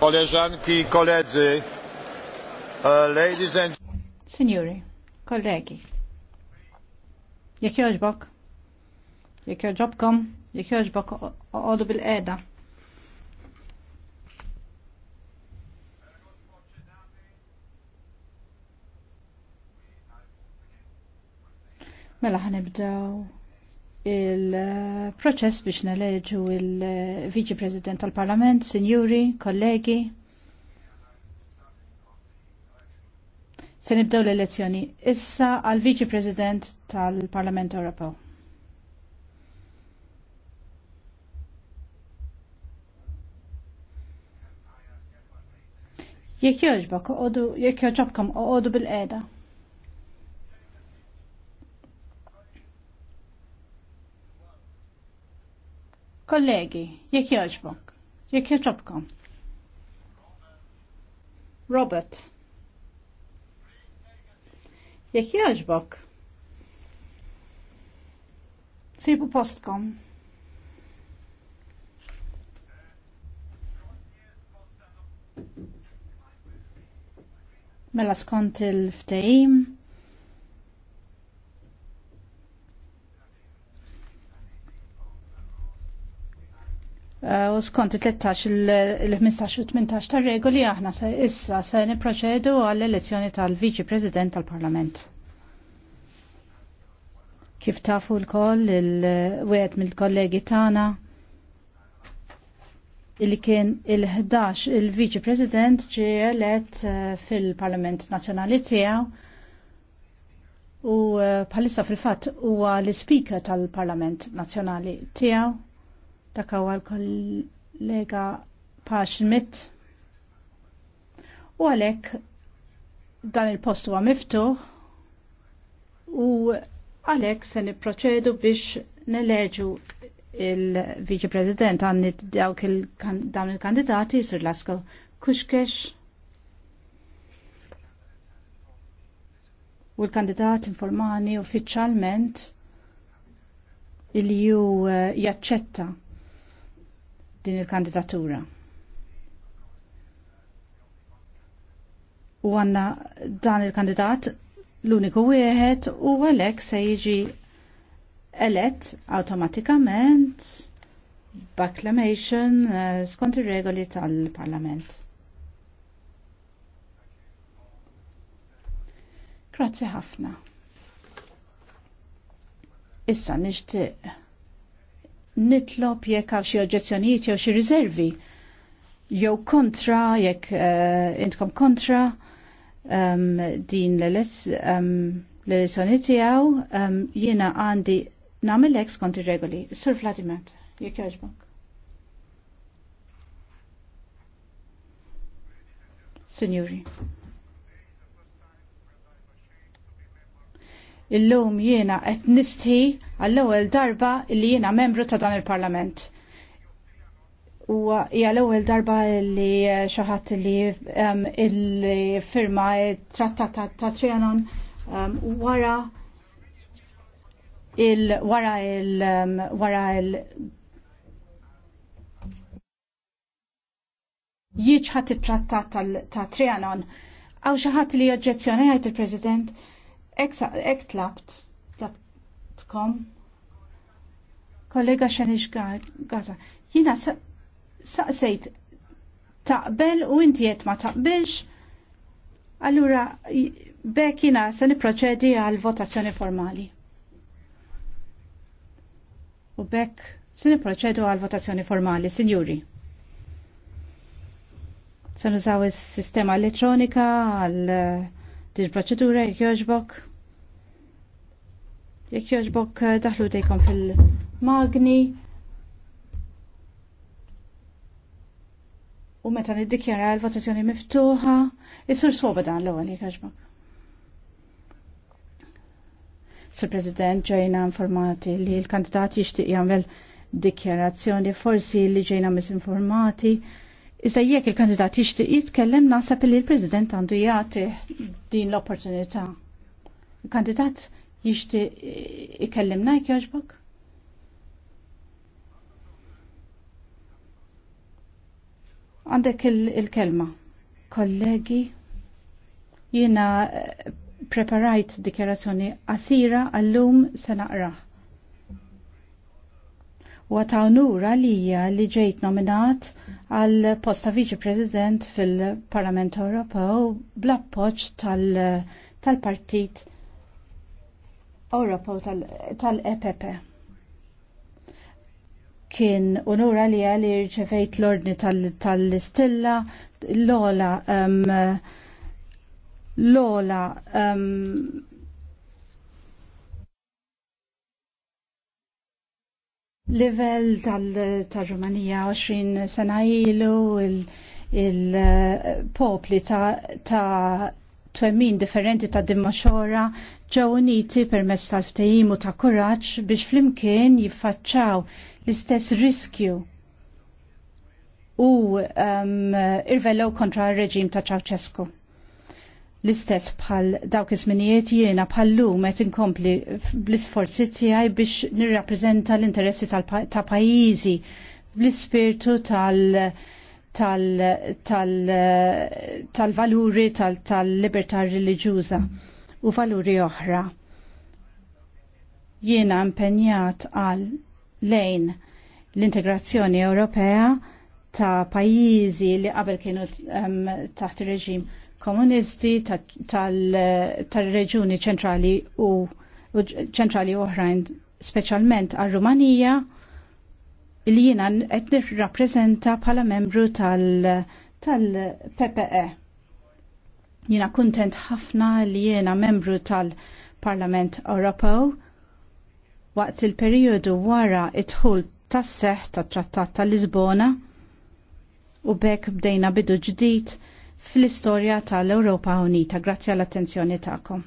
Koleżanki koledzy, uh, ladies and... Signori, kollegi, jek joġbok, jek joġbkom, jek joġbok għodu bil-qeda. Mela ħanibdaw il-proċess biex neleġu il-Viċi President tal-Parlament, Sinjuri, kollegi. Se nibdew l-elezzjoni issa għal Viċi President tal-Parlament Ewropew. Jekk joġbok, jekk joġobkom, oqodu bil eda Kollegi, jekk jogħġbok, jekk jogħġobkom. Robert. Jekk jogħġbok. Sibu postkom. Mela skont il ftejim Eh, u skont 13 il-15 u 18 tar regoli aħna se issa se niproċedu għall-elezzjoni tal-Viċi President tal-Parlament. Kif tafu l-koll il-wet mill-kollegi tagħna illi kien il-11 il-Viċi President ġie elett eh, fil-Parlament Nazzjonali tiegħu u eh, bħalissa fil-fatt huwa l-Speaker tal-Parlament Nazzjonali tiegħu dak għal l-kollega Paxmit. U għalhekk dan il-post huwa miftuħ u għalek se nipproċedu biex neleġu il-Viċi President għanni dawk il-dawn il-kandidati sur Lasko Kuxkex u l-kandidat informani uffiċjalment il-ju eh, jaċċetta din il-kandidatura. U għanna dan il-kandidat l-uniku wieħed u għalek se jiġi elett automatikament b'acclamation eh, skont ir-regoli tal-Parlament. Grazzi ħafna. Issa nixtieq nitlob jekk għal xi oġġezzjonijiet jew xi riservi jew kontra jekk uh, intkom kontra um, din ehm, l-elezzjoni um, tiegħu um, jiena għandi nagħmel hekk skont regoli Sur Vladimir, jekk jogħġbok. Signori. Illum jiena qed nistħi għall-ewwel darba li jiena membru ta' dan il-Parlament. U hija l-ewwel darba li eh, xi ħadd li il-firma trattat ta' Trianon wara il wara il wara il jiġ ħadd it-trattat ta' Trianon. Għaw xaħat li oġġezzjoni għajt il-President ek tlabt, tlabtkom, kollega xanix Gaza, jina saqsejt taqbel u inti jett ma taqbilx, allura bek jina se niproċedi għal votazzjoni formali. U bek se niproċedu għal votazzjoni formali, sinjuri. Se nużaw is-sistema elettronika għal eh, din proċedura jogħġbok. Jekk jogħġbok eh, daħlu dejkom fil-magni. U meta niddikjara l-votazzjoni miftuħa, is-sur soba dan l-ewwel jekk jogħġbok. Sur President, ġejna informati li l-kandidat jixtieq jagħmel dikjarazzjoni forsi li ġejna misinformati. Iżda jekk il-kandidat jixtieq jitkellem naħseb li l-President għandu jagħti din l-opportunità. Il-kandidat jixti ikellimna jkjoġbok? Għandek il-kelma. Il Kollegi, jina eh, preparajt dikjarazzjoni qasira għallum se naqra. U ta' onura li li ġejt nominat għal posta viċi president fil-Parlament Ewropew bla appoġġ eh, tal-partit tal, tal partit Ewropew tal-EPP. Kien unura li għalli rċevejt l-ordni tal-istilla, l-ola, l-ola, level tal-Romanija 20 sena ilu, il-popli eh, ta' twemmin differenti ta' dimma xora ġew uniti permezz tal-ftehim u ta' kuraġġ biex flimkien jiffaċċaw l-istess riskju u um, irvellew kontra r-reġim ta' Ceausescu. L-istess bħal dawk iż-żminijiet jiena bħallum qed inkompli bl-isforzi tiegħi biex nirrappreżenta l-interessi ta' pajjiżi bl-ispirtu tal- tal-valuri tal, libertà tal, tal, tal, tal, tal, tal, tal, tal, tal, tal, Mm -hmm u valuri oħra. Jiena impenjat għal lejn l-integrazzjoni Ewropea ta' pajjiżi li qabel kienu um, taħt ir reġim komunisti tal-reġuni ta ċentrali u ċentrali oħrajn speċjalment għal rumanija li jiena qed nirrappreżenta bħala membru tal-PPE. Tal Jina kuntent ħafna li jena membru tal-Parlament Ewropew waqt il-periodu wara idħul tas-seħ tat-Trattat tal-Lisbona u bekk bdejna bidu ġdid fl-istorja tal-Ewropa Unita. Grazzi għall-attenzjoni tagħkom.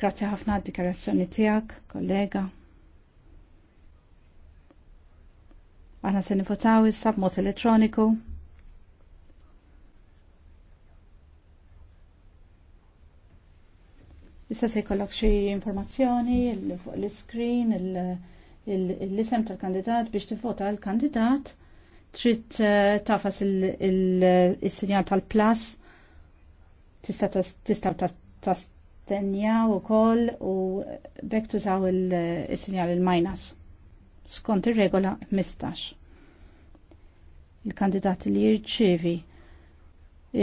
Grazzi ħafna għad dikarazzjoni tijak, kollega. Għana se nifotaw issa b'mod elettroniku. Issa se jkollok xi informazzjoni fuq l screen l-isem tal-kandidat biex tifota l-kandidat trid eh, tafas il-sinjal tal-plus tista' tista' tenjaw u kol u bekk tużaw il-sinjal il-minus. Skont ir-regola 15. Il-kandidat li jirċivi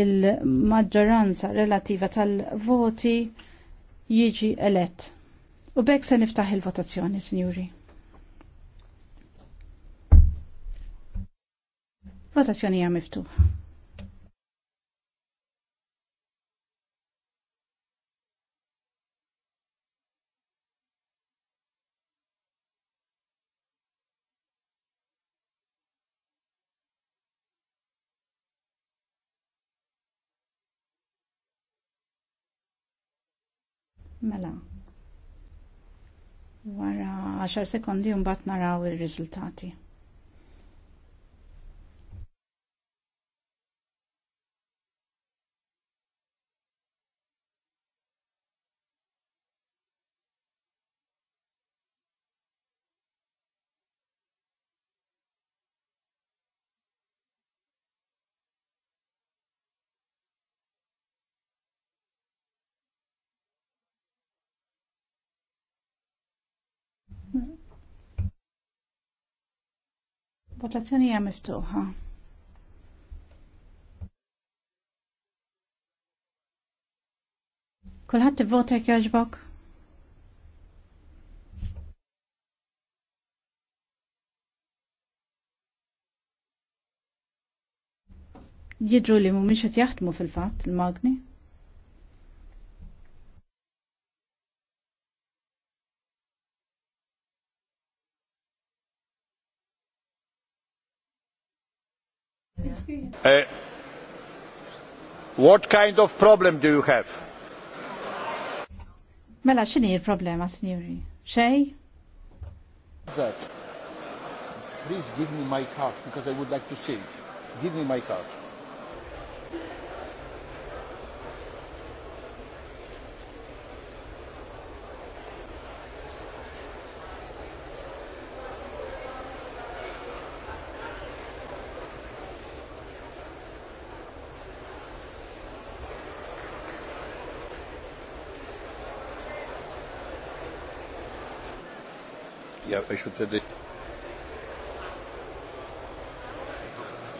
il-maġġoranza relativa tal-voti jiġi elett. U bekk se niftaħ il-votazzjoni, sinjuri. Votazzjoni hija miftuħa. Mela. Wara 10 sekondi un bat naraw il-rizultati. Votazzjoni hija miftuħa. Kulħadd ivvota jekk jogħġbok? Jidru li mhumiex qed jaħdmu fil-fatt il-magni. Uh, what kind of problem do you have? Mela, xini il-problema, signori? Xej? Please give me my card because I would like to sing. Give me my card.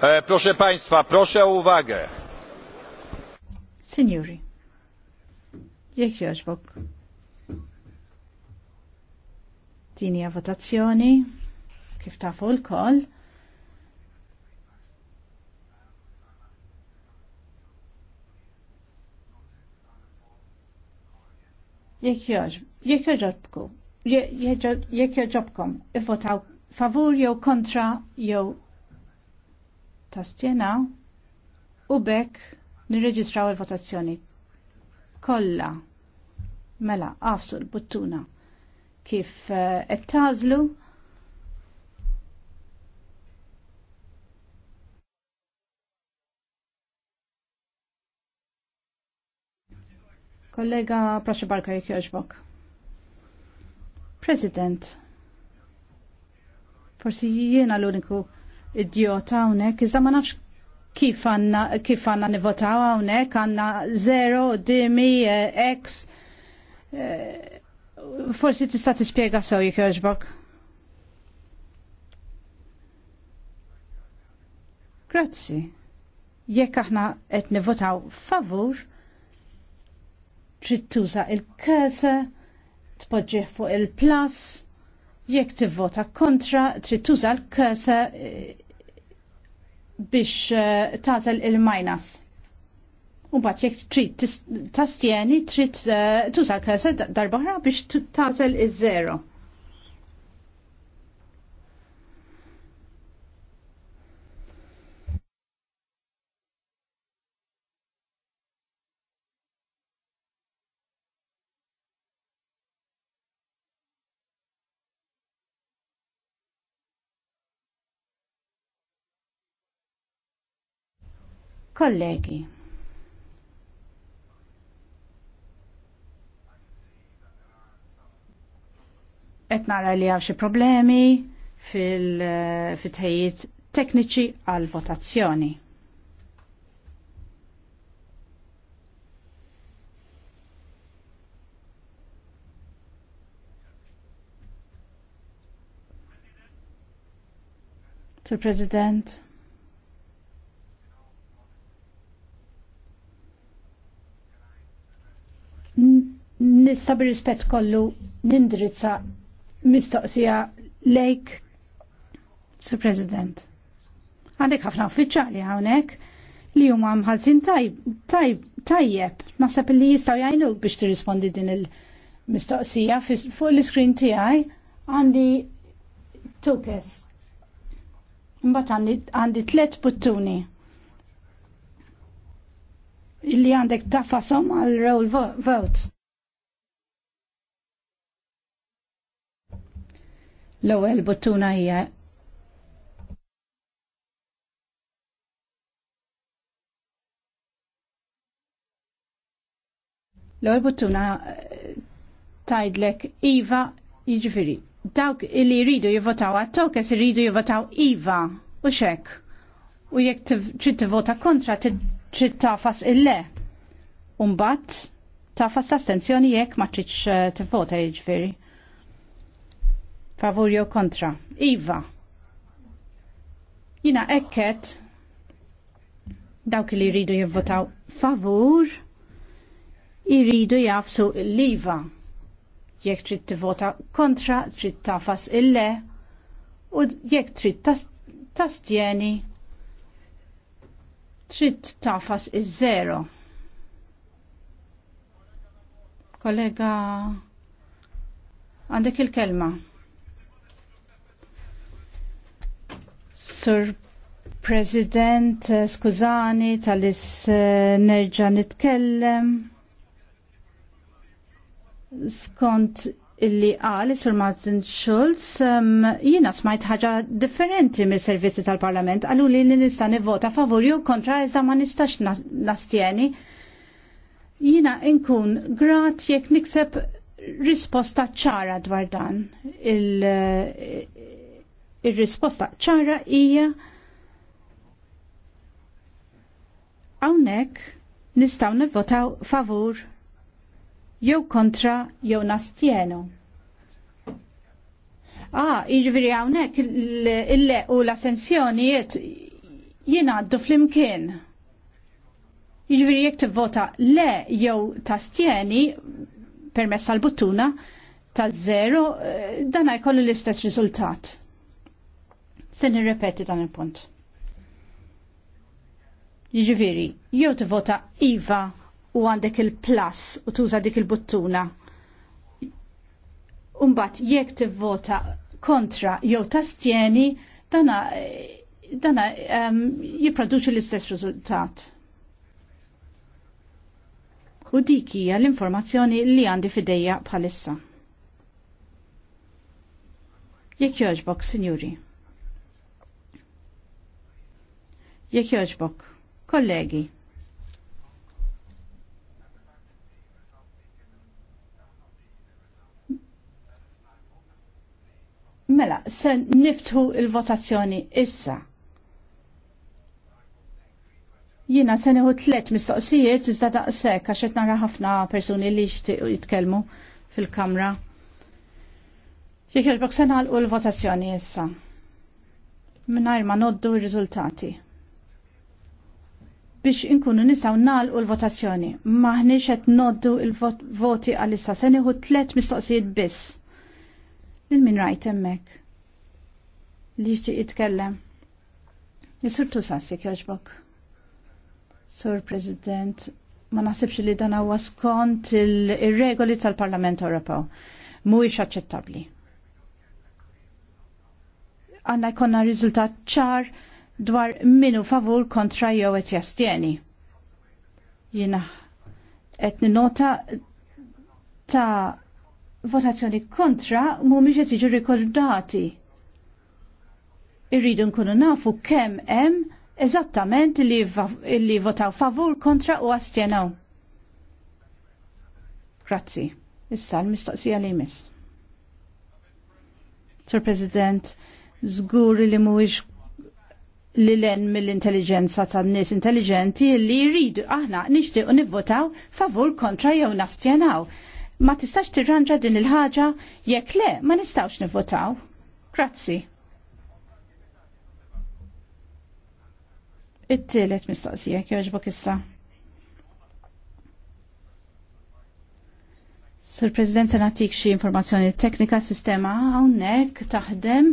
E, proszę Państwa, proszę o uwagę. Signori, jek joġbok? Tini votazzjoni, kif ta' tafu l-koll? Jek joġbku? jekk joġobkom, ivvotaw favur jew kontra jew tastjena u bekk nirreġistraw il-votazzjoni Kolla, mela għafsu l-buttuna kif eh, qed uh, tażlu Kollega Prasha Barker, jek joġbok. President, forsi jiena l-uniku idiota hawnhekk, iżda ma nafx kif għanna kif għanna nivotaw hawnhekk għandna zero, dimi, eh, x. Eh, forsi tista' tispjega sew jekk jogħġbok. Grazzi. Jekk aħna qed nivotaw favur, trid tuża il-kasa tpoġġih fuq il-plus, jekk tivvota kontra, trid tuża l-kasa eh, biex eh, tażel il-minus. U bat jekk trid tastjeni trid eh, tuża l-kasa darba biex tażel iż-zero. Kollegi, qed nara li hawn xi problemi fil-tħejjiet eh, tekniċi għal votazzjoni. Sir President. nista bir-rispett kollu nindirizza mistoqsija lejk, Sir President. Għandek ħafna uffiċali hawnhekk li huma mħalsin tajb, tajb, tajjeb, nasab li jistaw jajnu biex tirrispondi din il-mistoqsija fuq l-iskrin tiegħi għandi tukes. Mbagħad għandi tliet buttuni illi għandek tafasom għal roll votes. L-ewwel buttuna hija L-ewwel buttuna eh, tajdlek Iva jiġifieri. Dawk li jridu jivvotaw għat-tokes iridu jivvotaw Iva u xek. U jekk trid tivvota kontra trid tafas il-le. Umbat tafas astenzjoni jekk ma tridx eh, tivvota jiġifieri. Favur jew kontra. Iva. Jina ekket dawk li jridu jivvotaw favur jridu jafsu l-iva. Jekk trid tivvota kontra, trid tafas il-le u jekk trid tastjeni trid tafas iż-żero. Kollega, għandek il-kelma. Sur President, eh, skużani tal-is eh, nerġa nitkellem. Skont illi għal Sir Martin Schulz, jiena jina smajt ħaġa differenti mis servizzi tal-Parlament, għallu li nista nivvota favori u kontra iżda ma nistax nastjeni. Jina inkun grat jekk nikseb risposta ċara dwar dan. Il, eh, Ir-risposta ċara hija hawnhekk nistgħu nivvotaw favur jew kontra jew nastjenu, Ah, jiġifieri hawnhekk il-le u l-assenzjonijiet jingħaddu flimkien. Jiġifieri jekk tivvota le jew tastjeni permezz tal-buttuna taż-żero eh, dan jkollu l-istess riżultat. Se nirrepeti dan il-punt. Jiġifieri, jew tivvota iva u għandek il-plus u tuża dik il-buttuna. Umbat jekk tivvota kontra jew tastjeni dana dana um, jipproduċi l-istess riżultat. U dik hija l-informazzjoni li għandi fidejja bħalissa. Jekk jogħġbok, sinjuri. Jekk jogħġbok, kollegi. Mela, se niftħu il-votazzjoni issa. Jina se nieħu tlet mistoqsijiet iżda daqshekk għax qed nara ħafna persuni li jixtiequ jitkellmu fil-kamra. Jekk jogħġbok se nagħlqu l-votazzjoni issa. Mingħajr ma noddu r-riżultati biex inkunu nisaw u l-votazzjoni. Maħniex qed noddu l-voti għal-issa se nieħu t-tlet mistoqsijiet biss. Lil min rajt hemmhekk. Li jitkellem. jitkellem. tu sassi jogħġbok. Sur President, ma naħsibx li dana huwa skont il-regoli tal-Parlament Ewropew. Mhuwiex aċċettabbli. Għandna jkollna riżultat ċar dwar minu favur kontra jew qed jastjeni. Jiena qed nota ta' votazzjoni kontra mhumiex qed jiġu rikordati. Irridu nkunu nafu kemm hemm eżattament li, votaw favur kontra u astjenaw. Grazzi. Issa l-mistoqsija li jmiss. Sur President, zgur li mhuwiex li len mill-intelligenza tan nies intelligenti li jridu aħna nixtiequ nivvotaw favur kontra jew nastjanaw. Ma tistax tirranġa din il-ħaġa jekk le ma nistawx nivvotaw. Grazzi. It-tielet mistoqsija jogħġbu issa. Sir President, se natik xi informazzjoni teknika sistema hawnhekk taħdem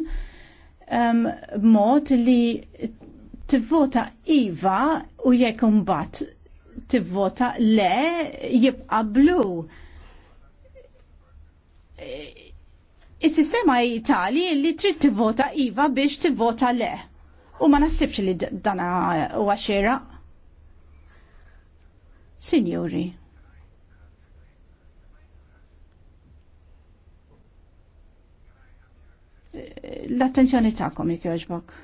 mod li tivvota iva u jekk imbagħad tivvota le jibqa' blu. Is-sistema Itali li trid tivvota iva biex tivvota le. U ma naħsibx li dana huwa xieraq. Signori. l-attenzjoni ta'kom jek joġbok.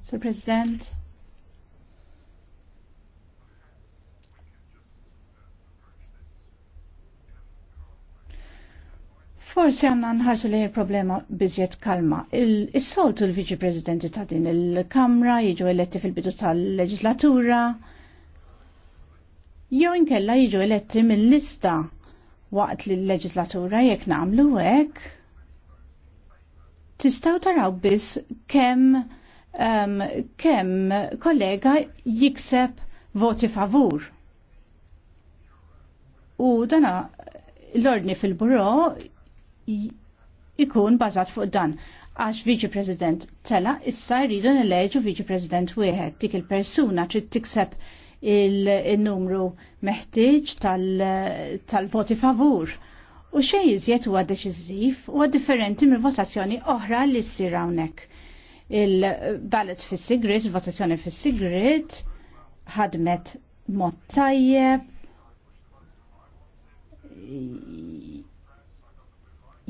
Sir President, Forsi għanna nħarsu li il-problema bizjet kalma. Is-soltu l-Viċi Presidenti ta' din il-Kamra jiġu eletti fil-bidu tal-Leġislatura. Jew inkella jiġu eletti mill-lista waqt li l-Leġislatura jekk namlu hekk. Tistaw taraw biss kemm um, kemm kollega jikseb voti favur. U dana l-ordni fil-buro ikun bażat fuq dan għax viċi President tela issa jridu nileġu viċi President wieħed dik il-persuna trid tikseb il-numru meħtieġ tal-voti favur. U xej iżjed huwa deċiżiv huwa differenti mill votazzjoni oħra li ssir hawnhekk. il ballet fis sigrit il-votazzjoni fis sigrit ħadmet mod tajjeb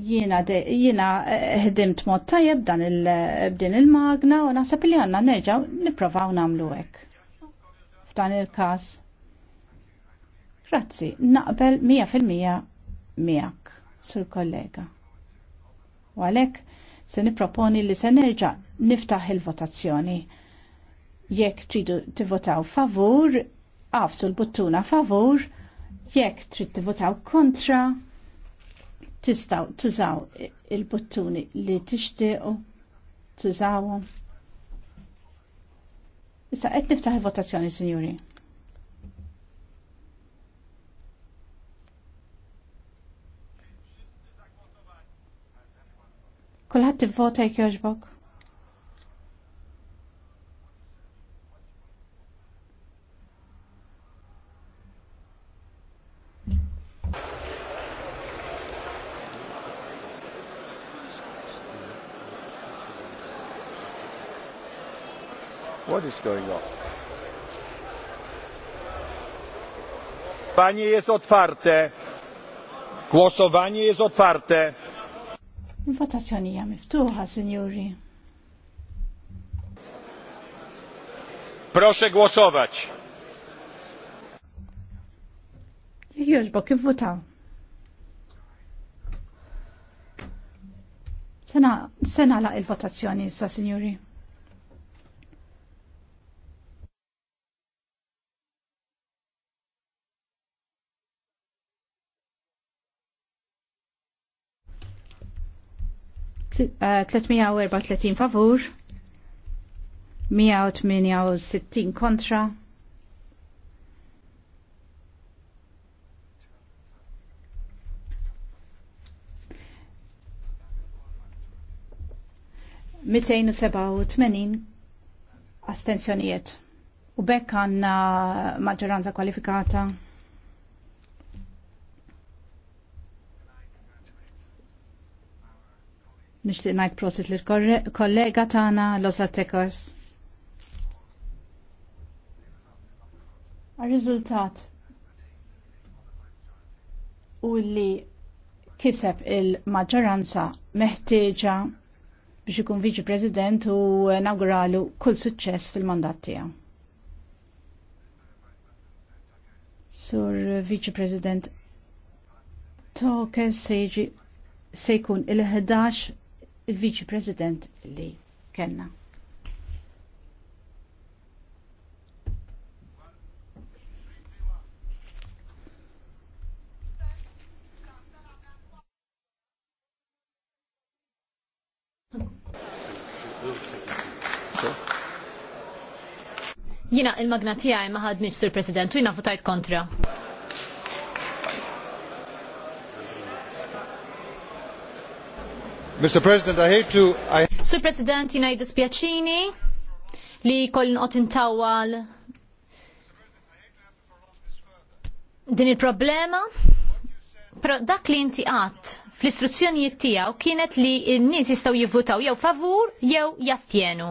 jiena jiena eh, ħdimt mod tajjeb dan il-bdin il-magna u naħseb li għandna nerġgħu nipprovaw nagħmlu hekk. F'dan il-każ. Grazzi, naqbel 100% miegħek, sur kollega. U għalhekk se nipproponi li se nerġa' niftaħ il-votazzjoni. Jekk tridu tivvotaw favur, għafsu l-buttuna favur, jekk trid tivvotaw kontra, tistaw tużaw il-buttuni li tixtiequ tużawhom. Issa qed niftaħ il-votazzjoni, Sinjuri. Kulħadd ivvota jekk jogħġbok? is going on. jest otwarte. Głosowanie jest otwarte. Votazzjoni hija miftuħa, seniori. Proszę głosować. Już, bo kim wotał? Sena, sena la il votazioni sa sinjuri. 334 eh, eh, favur, 168 kontra. Mitejn u seba' u tmenin astensjonijiet. U bekk għanna maġġoranza kwalifikata. Nishtiq najt prosit li kollega tana Los ar Rizultat u li kiseb il-maġġoranza meħtieġa biex ikun viċi president u nawguralu kull suċċess fil-mandat tiegħu. Sur viċi president Tokes se jkun il-11 il-Viċi President li kellna. Jina il-magnatija imma ħad Mr. President u jina votajt kontra. Mr. President, I hate to... I... Sur President, jina pjaċini li kollin qot intawal din il-problema. Pero dak li inti għat fl-istruzzjonijiet tiegħu kienet li n-nies jistgħu jivvutaw jew favur jew jastjenu.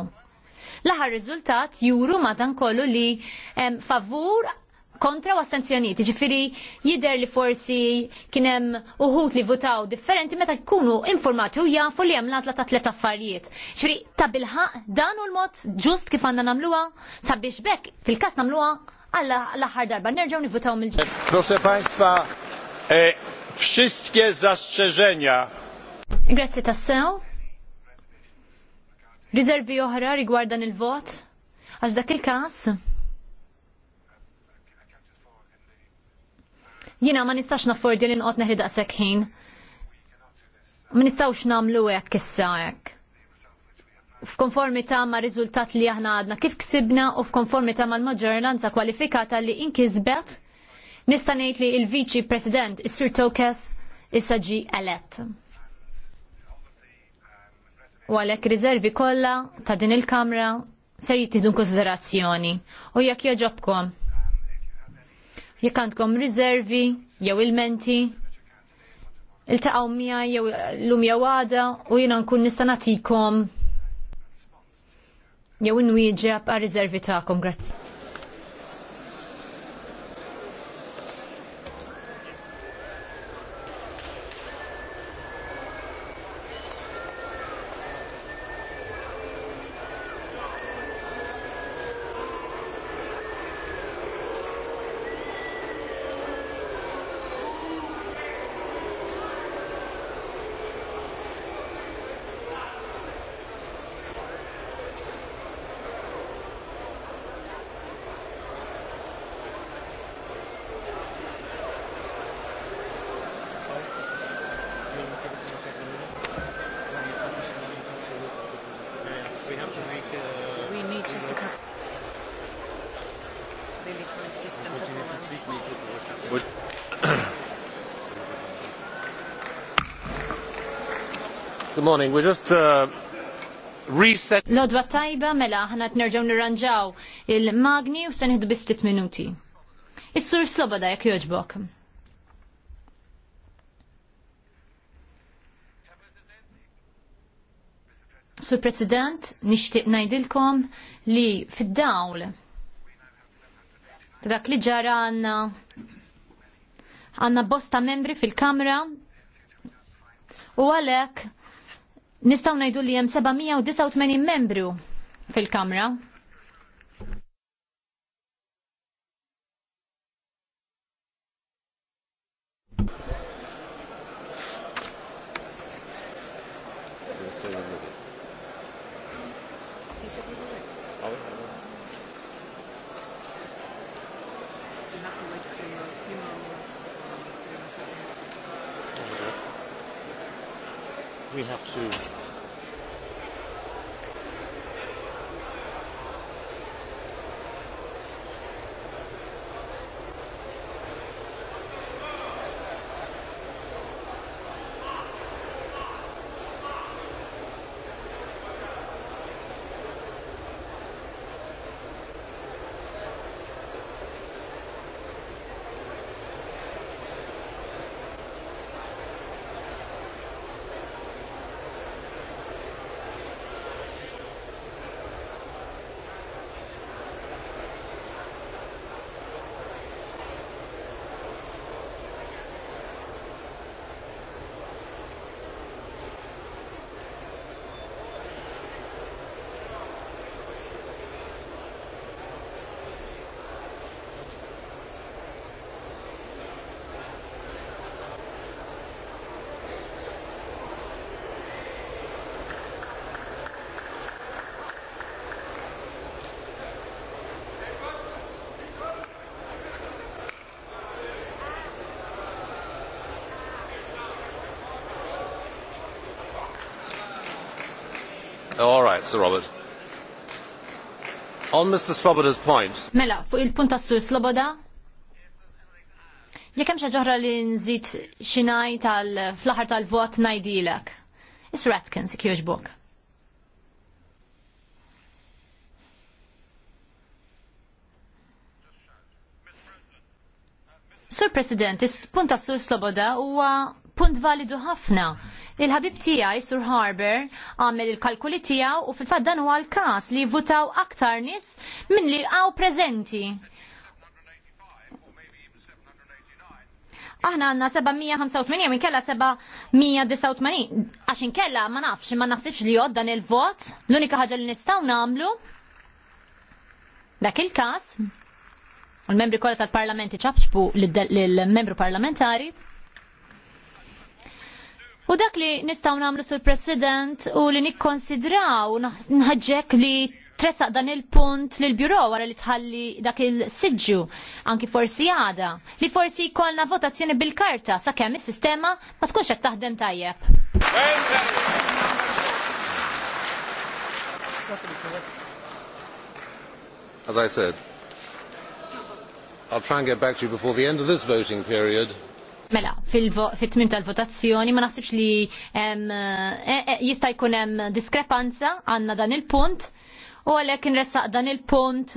L-aħħar riżultat juru madankollu li favur kontra u astenzjoniet. Ġifiri jider li forsi kienem uħut li votaw differenti meta jkunu informati u jafu li jamlat la ta' tlet affarijiet. Ġifiri ta' bilħaq dan u l-mod ġust kif għanna namluwa sabiex bekk fil-kas namluwa għalla l-aħħar darba nerġaw nivutaw mill ġifiri Proszę Państwa, e, wszystkie zastrzeżenia. Grazie tassew. Riservi oħra rigwardan il-vot? Għax dak il-kas? Jiena ma nistax naffordi li nqod neħri daqshekk ħin. Ma nistax nagħmlu hekk issa hekk. ta' ma' riżultat li aħna għadna kif ksibna u ma' mal-maġġoranza kwalifikata li inkisbet nista' ngħid li l-Viċi President is-Sur Tokes issa ġi elett. U għalhekk riservi kollha ta' din il-Kamra ser jittieħdu konsiderazzjoni. U jekk joġobkom, Jekk għandkom riservi jew ilmenti, iltaqgħu mija jew lum jew għada u jiena nkun nista' nagħtikom jew inwieġeb għar-riservi tagħkom. Grazzi. morning. We're just uh, reset. Lodwa tajba mela aħna t-nerġaw nirranġaw il-magni u senħidu bistit minuti. Is-sur sloboda jek joġbok. Sur President, nishtiq najdilkom li fid-dawl dak li ġara għanna għanna bosta membri fil-kamra u għalek Nistaw najdu li jem 789 membru fil-kamra. right, Sir Robert. On Mr. Svoboda's point. Mela, fuq il-punt tas Sur Sloboda, jekk hemm xi ġoħra li nżid xi ngħid tal fl-aħħar tal-vot ngħidilek. Is Ratkins jekk jogħġbok. Sur President, is-punt tas Sur Sloboda huwa punt validu ħafna Il-ħabib tiegħi Sur Harber għamel il-kalkuli tiegħu u fil-fatt dan huwa l-każ li votaw aktar nies minn li għaw preżenti. Aħna għanna 785 minn kella 789 għaxin kella ma nafx ma naħsibx li jod dan il-vot l-unika ħaġa li nistaw namlu dak il-kas l membri kolla tal-parlamenti ċabċbu l-membru parlamentari U dak li nistaw namlu sul president u li nikkonsidraw nħagġek li tresaq dan il-punt l biro wara li tħalli dak il-sidġu, anki forsi għada, li forsi jkollna votazzjoni bil-karta sakemm is-sistema ma tkunx qed taħdem tajjeb. As I said, I'll try and get back to you before the end of this voting period Mela, fit-tmim tal-votazzjoni ma naħsibx li eh, eh, jista' jkun hemm diskrepanza għandna dan il-punt u għalhekk inressaq dan il-punt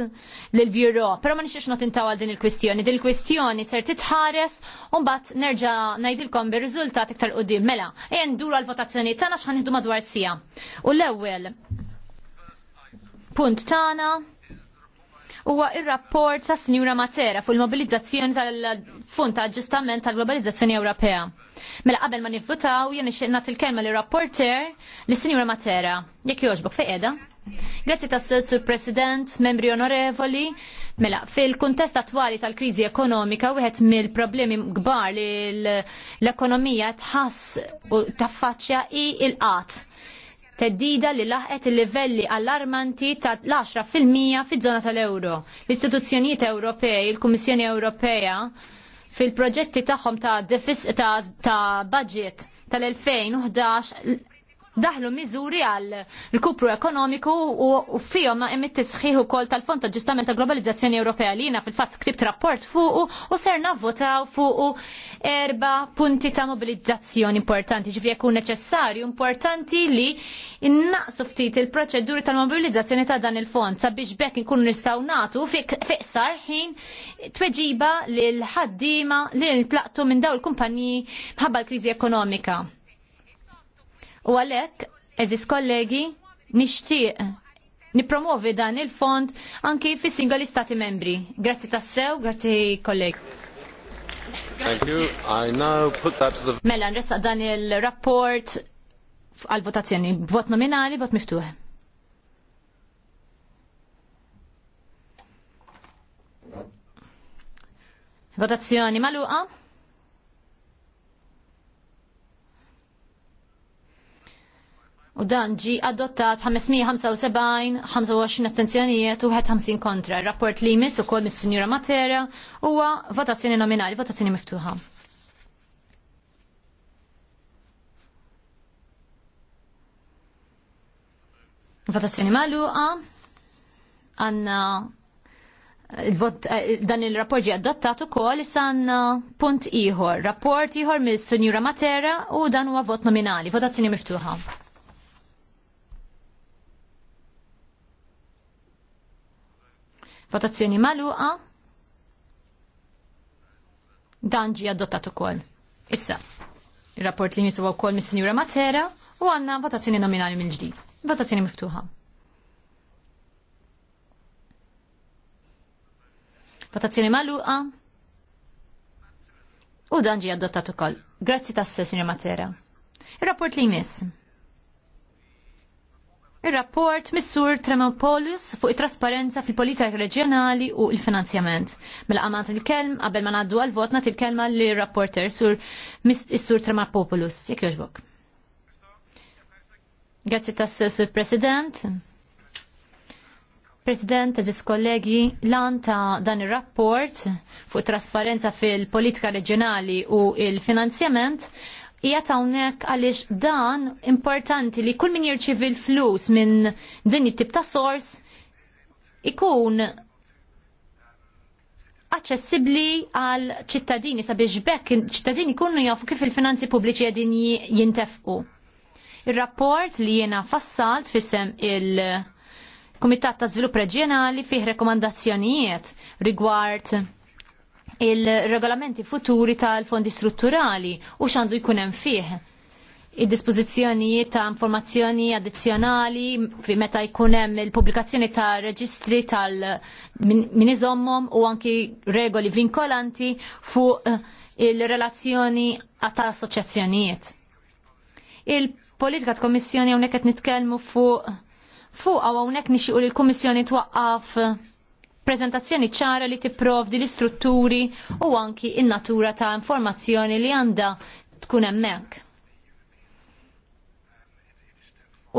lill bjuro Però ma nixiex notintaw għal din il-kwistjoni. Din il-kwistjoni ser titħares u mbagħad nerġa' ngħidilkom bir-riżultat iktar qudiem. Mela, jen nduru għal votazzjoni tagħna x'ħanieħdu madwar sija. U l-ewwel punt tagħna huwa ir-rapport ta' Sinjura Matera fuq il-mobilizzazzjoni tal-Fond ta' Aġġustament tal-Globalizzazzjoni Ewropea. Mela qabel ma nivvutaw jien nixtieq nagħti l-kelma lir rapporter li Sinjura Matera. Jekk jogħġbok fejn qiegħda? Grazzi tas sur President, membri onorevoli. Mela, fil-kuntest attwali tal-kriżi ekonomika, wieħed mill-problemi kbar li l-ekonomija tħass u taffaċċja i il-qat teddida li laħqet il-livelli allarmanti ta' 10% fiż-żona tal-euro. L-istituzzjonijiet Ewropej, il-Kummissjoni Ewropea, fil-proġetti tagħhom ta' ta budget tal-2011 daħlu miżuri għal rikupru ekonomiku u fihom ma imit tisħiħ ukoll tal-Fond ta' Ġustament ta' Globalizzazzjoni Ewropea li fil fatt ktibt rapport fuq u ser navvotaw fuq erba punti ta' mobilizzazzjoni importanti ġifi jekun neċessarju importanti li innaqsu ftit il-proċeduri tal-mobilizzazzjoni ta' dan il-fond sabiex bekk nkunu nistgħu nagħtu fiqsar ħin tweġiba lil ħaddima li ntlaqtu minn daw il kumpanji bħabba l-kriżi ekonomika U għalhekk, eżis kollegi, nixtieq nipromovi dan il-fond anki fi singoli stati membri. Grazzi tassew, grazzi kollegi. Thank you. I now put that to the... Mela, nressaq dan il-rapport għal-votazzjoni. Vot nominali, vot miftuħ. Votazzjoni maluqa? U dan ġi adottat 575-25 astenzjonijiet u 51 kontra. Rapport li jmiss u kol mis-Sinjura Matera huwa votazzjoni nominali, votazzjoni miftuħa. Votazzjoni maluqa għanna eh, eh, dan il-rapport ġi adottat u kol għandna punt ieħor. Rapport ieħor mis-Sinjura Matera u dan huwa vot nominali, votazzjoni miftuħa. Votazzjoni maluqa. Dan ġi adottat ukoll. Issa, il-rapport li jisuwa ukoll mis-Sinjura Matera u għanna votazzjoni nominali mill-ġdid. Votazzjoni miftuħa. Votazzjoni maluqa. U dan ġi adottat ukoll. Grazzi tas-Sinjura Matera. Il-rapport li jmiss. Ir-rapport missur Tremopolis fuq it-trasparenza fil-politika reġjonali u l-finanzjament. Mela qamat il-kelm qabel ma ngħaddu għal vot nagħti il-kelma lir rapporter sur is-sur Tremopoulos. Jekk jogħġbok. Grazzi tas sur President. President, eżis kollegi, lan ta' dan ir-rapport fuq trasparenza fil-politika reġjonali u l-finanzjament hija hawnhekk għaliex dan importanti li kull min jirċivi l-flus minn din it-tip ta' sors ikun aċċessibbli għal ċittadini sabiex bekk ċittadini jkunu jafu kif il-finanzi pubbliċi qegħdin jintefqu. Ir-rapport li jiena fassalt fissem il- Kumitat ta' Zvilupp Reġjonali fih rekomandazzjonijiet rigward il-regolamenti futuri tal-fondi strutturali u xandu jkun hemm fih id-dispożizzjonijiet ta' informazzjoni addizzjonali fi meta jkun hemm il-pubblikazzjoni ta' reġistri tal min iżommhom u anki regoli vinkolanti fuq eh, il-relazzjoni ta' assoċjazzjonijiet. Il-politika t kommissjoni hawnhekk qed nitkellmu fuq fuq hawnhekk nixtiequ li l-Kummissjoni twaqqaf prezentazzjoni ċara li tipprovdi l-istrutturi u anki in-natura ta' informazzjoni li għandha tkun hemmhekk.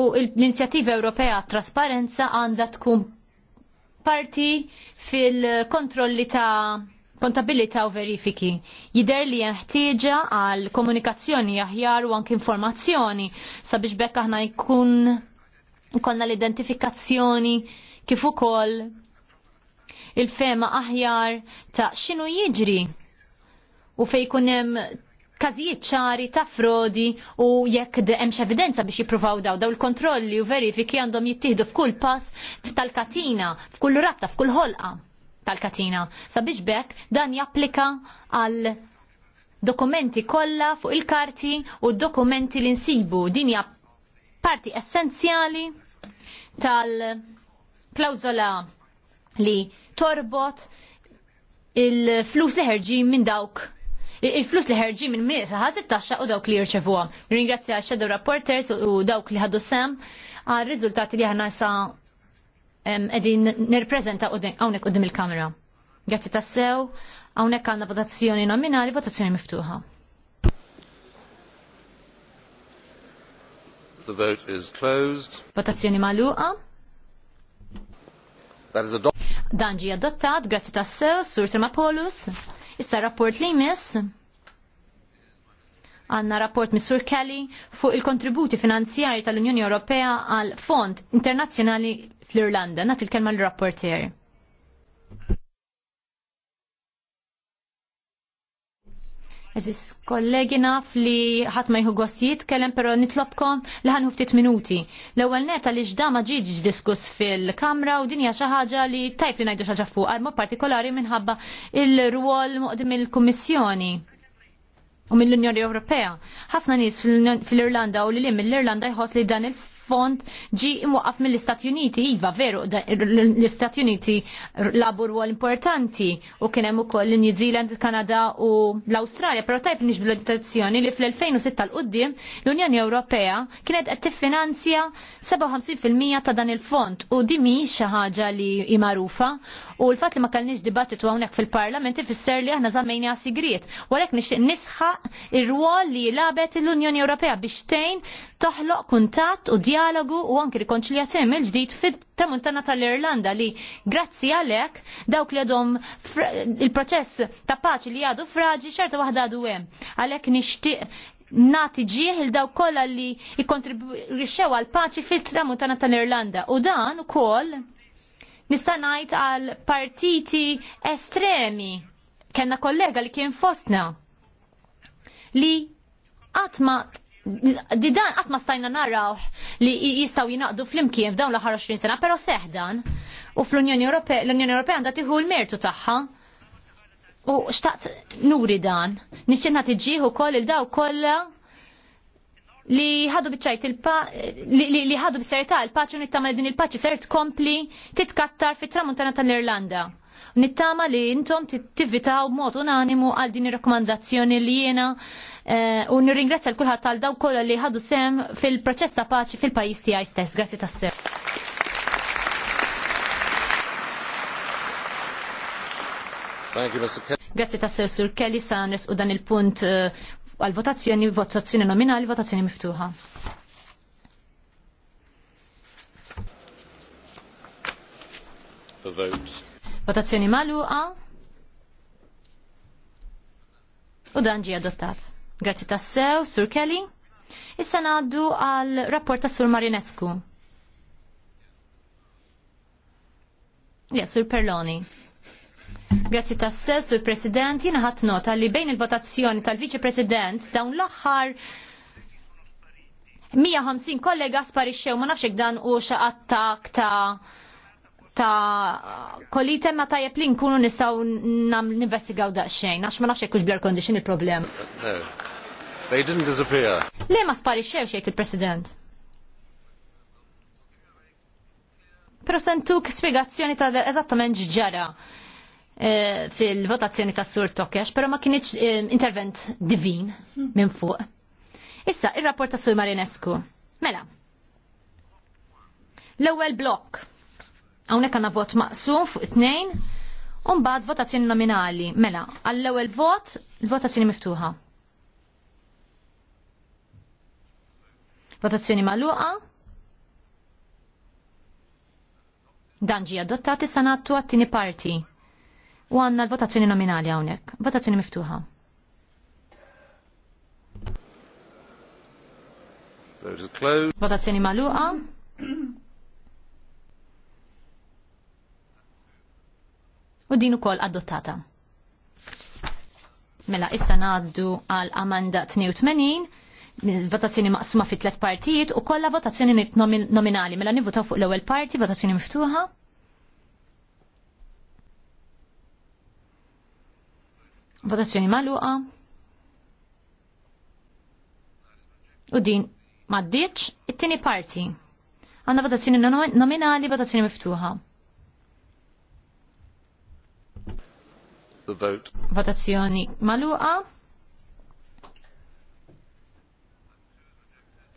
U l-Inzjattiva Ewropea Trasparenza għandha tkun parti fil-kontrolli ta' kontabilità u verifiki. Jider li jeħtieġa għal komunikazzjoni aħjar u anke informazzjoni sabiex bekk aħna jkun konna l-identifikazzjoni kif ukoll il-fema aħjar ta' xinu jiġri u fej kunem kazijiet ċari ta' frodi u jekk hemmx evidenza biex jippruvaw daw daw il-kontrolli u verifiki għandhom jittieħdu f'kull pass tal-katina, f'kull rabta, f'kull ħolqa tal-katina. Sabiex bekk dan japplika għal dokumenti kollha fuq il-karti u dokumenti li nsibu. Din hija parti essenzjali tal-klawzola li torbot il-flus li ħerġin minn dawk il-flus li ħerġin minn min ħazit taxxa u dawk li jirċevuha. Ringrazzja Shadow Reporters u dawk li ħaddu sem għal riżultati li ħana sa edin nirprezenta hawnhekk qudiem il-kamera. Grazzi tassew, hawnhekk għandna votazzjoni nominali, votazzjoni miftuħa. The vote is closed. Votazzjoni magħluqa. That is Dan ġie adottat, grazzi tas-sew, Sur Tremapolus. Issa rapport li jmiss għanna rapport Missur Kelly fuq il-kontributi finanzjari tal-Unjoni Ewropea għal Fond Internazzjonali fl-Irlanda. Nat il-kelma l-rapporter. Eżis kollegi naf li ħadd ma jħu gost jitkellem però nitlobkom li ħanħu ftit minuti. L-ewwel neta li ġda ma ġiġ diskuss fil-kamra u dinja xaħġa xi ħaġa li tajp li ngħidu xaħġa fuq mod partikolari minħabba il-rwol muqdim il-Kummissjoni u mill-Unjoni Ewropea. ħafna nies fil-Irlanda u li li mill-Irlanda jħos li dan il fond ġi imwaqaf mill-Istati Uniti, iva veru, l-Istati Uniti labu rwol importanti u kien hemm ukoll New Zealand, Kanada u l-Awstralja, però tajb nix bil intenzjoni li fl-2006 tal qudiem l-Unjoni Ewropea kienet qed tiffinanzja 57% ta' dan il-fond u dimi xi ħaġa li imarufa u l-fatt li ma kellniex u hawnhekk fil-Parlament ifisser li aħna żammejna sigriet. Walek nixtieq nisħaq ir-rwol li labet l-Unjoni Ewropea biex tejn toħloq kuntatt u dialog dialogu u anki rikonċiljazzjoni mill-ġdid fit-tramuntana tal-Irlanda li grazzi għalek dawk li għadhom il-proċess ta' paċi li għadu fraġi xerta waħda għadu hemm. Għalhekk nixtieq nati ġieħ il daw kollha li jikkontribwixxew għal paċi fit-tramuntana tal-Irlanda u dan ukoll nista' ngħid għal partiti estremi. Kenna kollega li kien fostna li għatma Di dan qatt ma stajna naraw li jistgħu fl flimkien f'dawn l-aħħar 20 sena, però seħdan. U fl-Unjoni Ewropea l-Unjoni Ewropea għandha tieħu l-mertu tagħha. U xtaqt nuri dan. Nixtienna tiġġieħu wkoll il-daw kollha li ħadu bċajt il-pa, li ħadu b'serta il-paċi unittama din il-paċi ser tkompli titkattar fit tramuntana tal-Irlanda. Nittama li intom tivvitaw b'mod unanimu għal din ir-rakkomandazzjoni li jiena eh, u nirringrazzja l kulħadd tal daw kollha li ħadu sem fil-proċess ta' paċi fil-pajjiż tiegħi stess. Grazzi tassew. Grazzi tassew Sur Kelly sa u dan il-punt eh, għal votazzjoni, votazzjoni nominali, votazzjoni miftuħa. The vote. Votazzjoni maluqa. U dan ġie adottat. Grazzi tassew, Sur Kelly. Issa ngħaddu għal rapport tas Sur Marinescu. Ja, Sur Perloni. Grazzi tassew, Sur President, Jiena ħat nota li bejn il-votazzjoni tal-Viċi President dawn l-aħħar 150 kollega sparixxew ma nafx dan u xaqat ta' ta' kolite ma tajjeb li nkunu nistgħu da' daqsxejn, għax ma nafx kux bl condition il-problem. No, they didn't disappear. Le ma sparixxew xejn il-President. Pero sentuk spiegazzjoni ta' eżattament ġara eh, fil-votazzjoni ta' Sur Tokesh, pero ma kienieċ eh, intervent divin minn fuq. Issa, il-rapport ta' Sur Marinescu. Mela. L-ewwel blok Hawnhekk għandna vot maqsum fuq it-tnejn u mbagħad votazzjoni nominali. Mela, għall-ewwel vot, l votazzjoni miftuħa. Votazzjoni magħluqa. Dan ġie adottat issa nattu għat-tieni parti. U għandna l-votazzjoni nominali hawnhekk. Votazzjoni miftuħa. Votazzjoni magħluqa. u din ukoll adottata. Mela issa ngħaddu għal amanda 82 votazzjoni maqsuma fi tlet partijiet u kollha votazzjoni nominali. Mela nivvotaw fuq l-ewwel parti, votazzjoni miftuħa. Votazzjoni magħluqa. U din maddiċ it-tieni parti. Għandna votazzjoni nominali, votazzjoni miftuħa. the vote. Votazzjoni maluqa.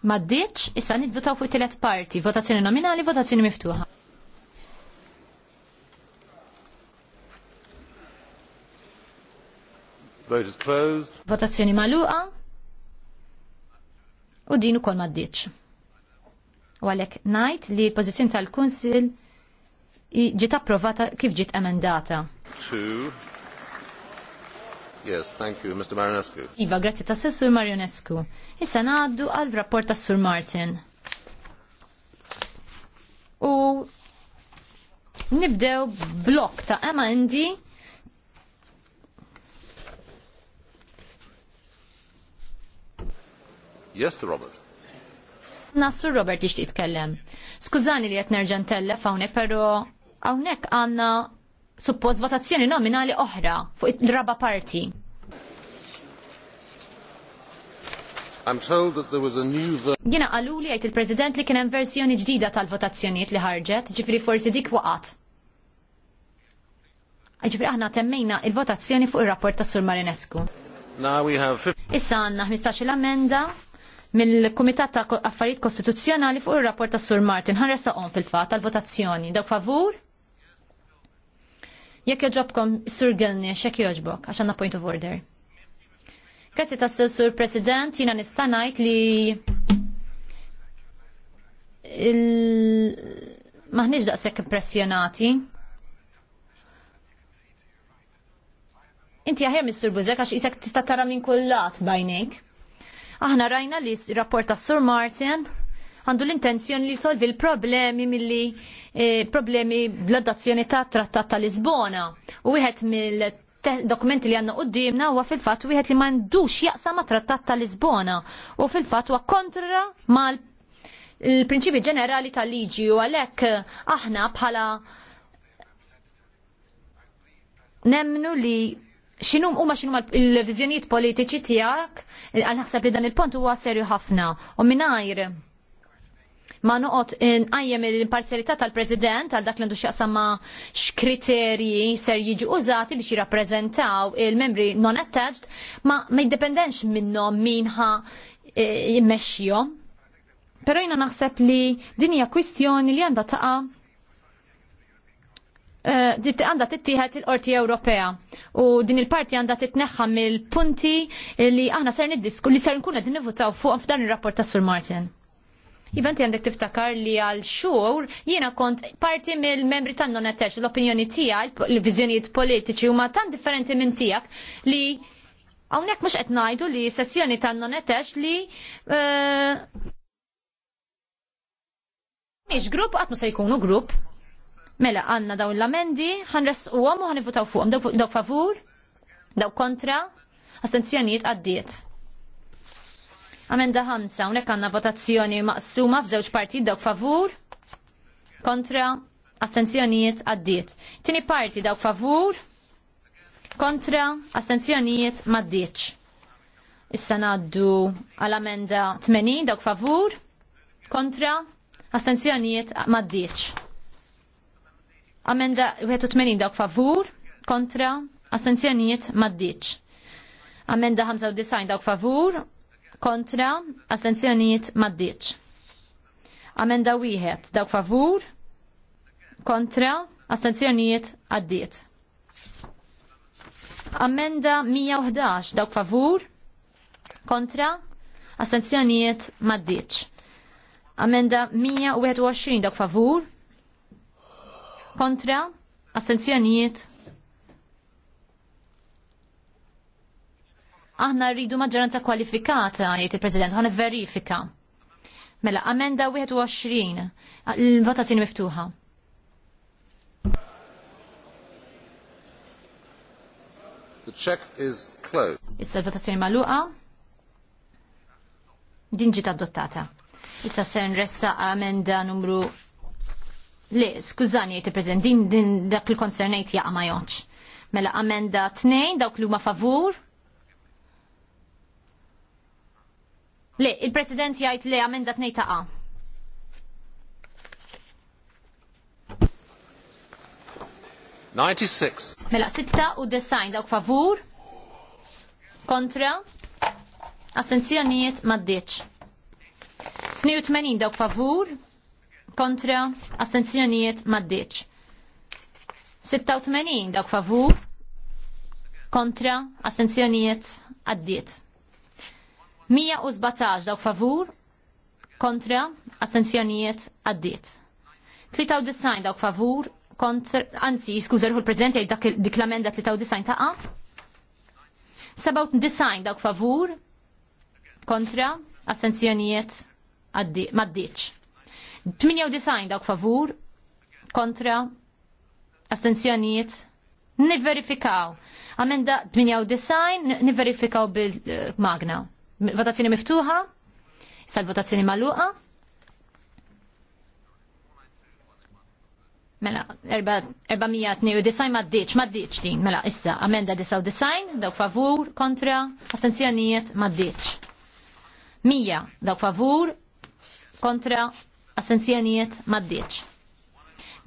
Maddiċ, issa nidvotaw fuq it-tielet parti. Votazzjoni nominali, votazzjoni miftuħa. Vote is closed. Votazzjoni maluqa. U din ukoll maddiċ. U għalhekk ngħid li l-pożizzjoni tal-Kunsil ġiet approvata kif ġiet emendata. Two. Yes, thank you, Mr. Marinescu. Iva, grazie ta' Sur Marionescu. Issa naddu għal rapport ta' Sur Martin. U nibdew blok ta' emendi Yes, Robert. Nassur Robert ixti jitkellem. Skużani li jett nerġan telle fawnek, pero għawnek għanna suppost votazzjoni nominali oħra fuq id-raba parti. I'm told that there was a new Gina għaluli għajt il-President li kienem verżjoni ġdida tal-votazzjoniet li ħarġet, ġifri forsi dik waqat. Ġifri aħna temmejna il-votazzjoni fuq il-rapport ta' Sur Marinescu. Issa għanna 15 l-amenda mill-Kumitat ta' Affarijiet Kostituzzjonali fuq il-rapport ta' Sur Martin ħarresa on fil-fat tal-votazzjoni. Dawk favur? Jekk joġobkom Sur Gilnish, jekk joġbok, għax għandna point of order. Grazie tas Sur President, jina nistanajt li il... maħniġ daqsek impressjonati. Inti għahir mis-Sur Buzek għax isek tista tara minn kullat bajnik. Aħna rajna li rapport tas Sur Martin għandu l-intenzjoni li solvi l-problemi milli eh, problemi bl-adozzjoni ta' trattat ta' Lisbona. U wieħed mill dokumenti li għanna qoddimna huwa fil-fatt wieħed li m'għandux jaqsa ma' trattat ta' Lisbona u fil-fatt huwa kontra mal l prinċipi ġenerali tal-liġi u għalhekk aħna bħala nemnu li xinum huma xinum il-vizjonijiet politiċi tiegħek għal ħseb li dan il-pont huwa serju ħafna u mingħajr ma noqgħod inqajjem il imparzialità tal-President għal dak li għandu x'jaqsam ma x'kriterji ser jiġu użati biex jirrapprezentaw il-membri non attached ma ma jiddependenx minnhom minħa ħa Pero Però naħseb li din hija kwistjoni li għandha taqa' e, għanda tittieħed il-Qorti Ewropea u din il-parti għanda titneħħa mill-punti li aħna ser niddisku li ser nkunu qed nivutaw fuq f'dan ir-rapport ta' Sur Martin. Ivanti għandek tiftakar li għal xur jiena kont parti mill-membri tan non l-opinjoni tijak, l-vizjoniet politiċi huma tan differenti minn tijak li għawnek mux etnajdu li sessjoni tan non li uh, Miex grupp għatmu se jkunu grupp. Mela għanna daw l amendi ħanres u għamu ħanivutaw fuq, daw favur, daw kontra, astenzjoniet għaddiet. Amenda ħamsa, unek għanna votazzjoni maqsuma f'żewġ partit dawk favur, kontra, astenzjonijiet għaddiet. Tini parti dawk favur, kontra, astenzjonijiet maddiċ. Issa naddu għal-amenda 80 dawk favur, kontra, astenzjonijiet maddiċ. Amenda 81 dawk favur, kontra, astenzjonijiet maddiċ. Amenda 95 dawk favur, kontra, astenzjoniet maddiċ. Amenda wieħed, dawk favur, kontra, astenzjoniet għaddiet. Amenda 111, dawk favur, kontra, astenzjoniet maddiċ. Amenda 121, dawk favur, kontra, astenzjonijiet Aħna rridu maġġoranza kwalifikata, jgħid il-President, ħana verifika. Mela, amenda 21, l-votazzjoni miftuħa. The check is closed. Issa l-votazzjoni maluqa. Din ġiet adottata. Issa se nressa amenda numru Le, skużani jgħid il-President, din, din dak il-konsernejt jaqa ma joċ. Mela amenda 2, dawk li huma favur, Le, il-President jgħid li għamenda tnejn taqa. Mela, sitta u design dawk favur, kontra, astenzjonijiet maddiċ. 82 dawk favur, kontra, astenzjonijiet maddiċ. 86 dawk favur, kontra, astenzjonijiet għaddiet. 117 dawk favur, kontra, astensjonijiet għaddiet. 93 dawk favur, kontra, anzi, skużar hu l-prezident jgħid dik l-amenda 93 taqa. disajn dawk favur, kontra, astensjonijiet maddiċ. 98 dawk favur, kontra, astensjonijiet niverifikaw. Amenda 98 niverifikaw bil-magna. Eh, Votazzjoni miftuħa? Sal-votazzjoni maluqa? Mela, 492 ma ddiċ, ma din, mela, issa, amenda 99, dawk favur, kontra, astenzjonijiet, ma ddiċ. 100, dawk favur, kontra, astenzjonijiet, ma ddiċ.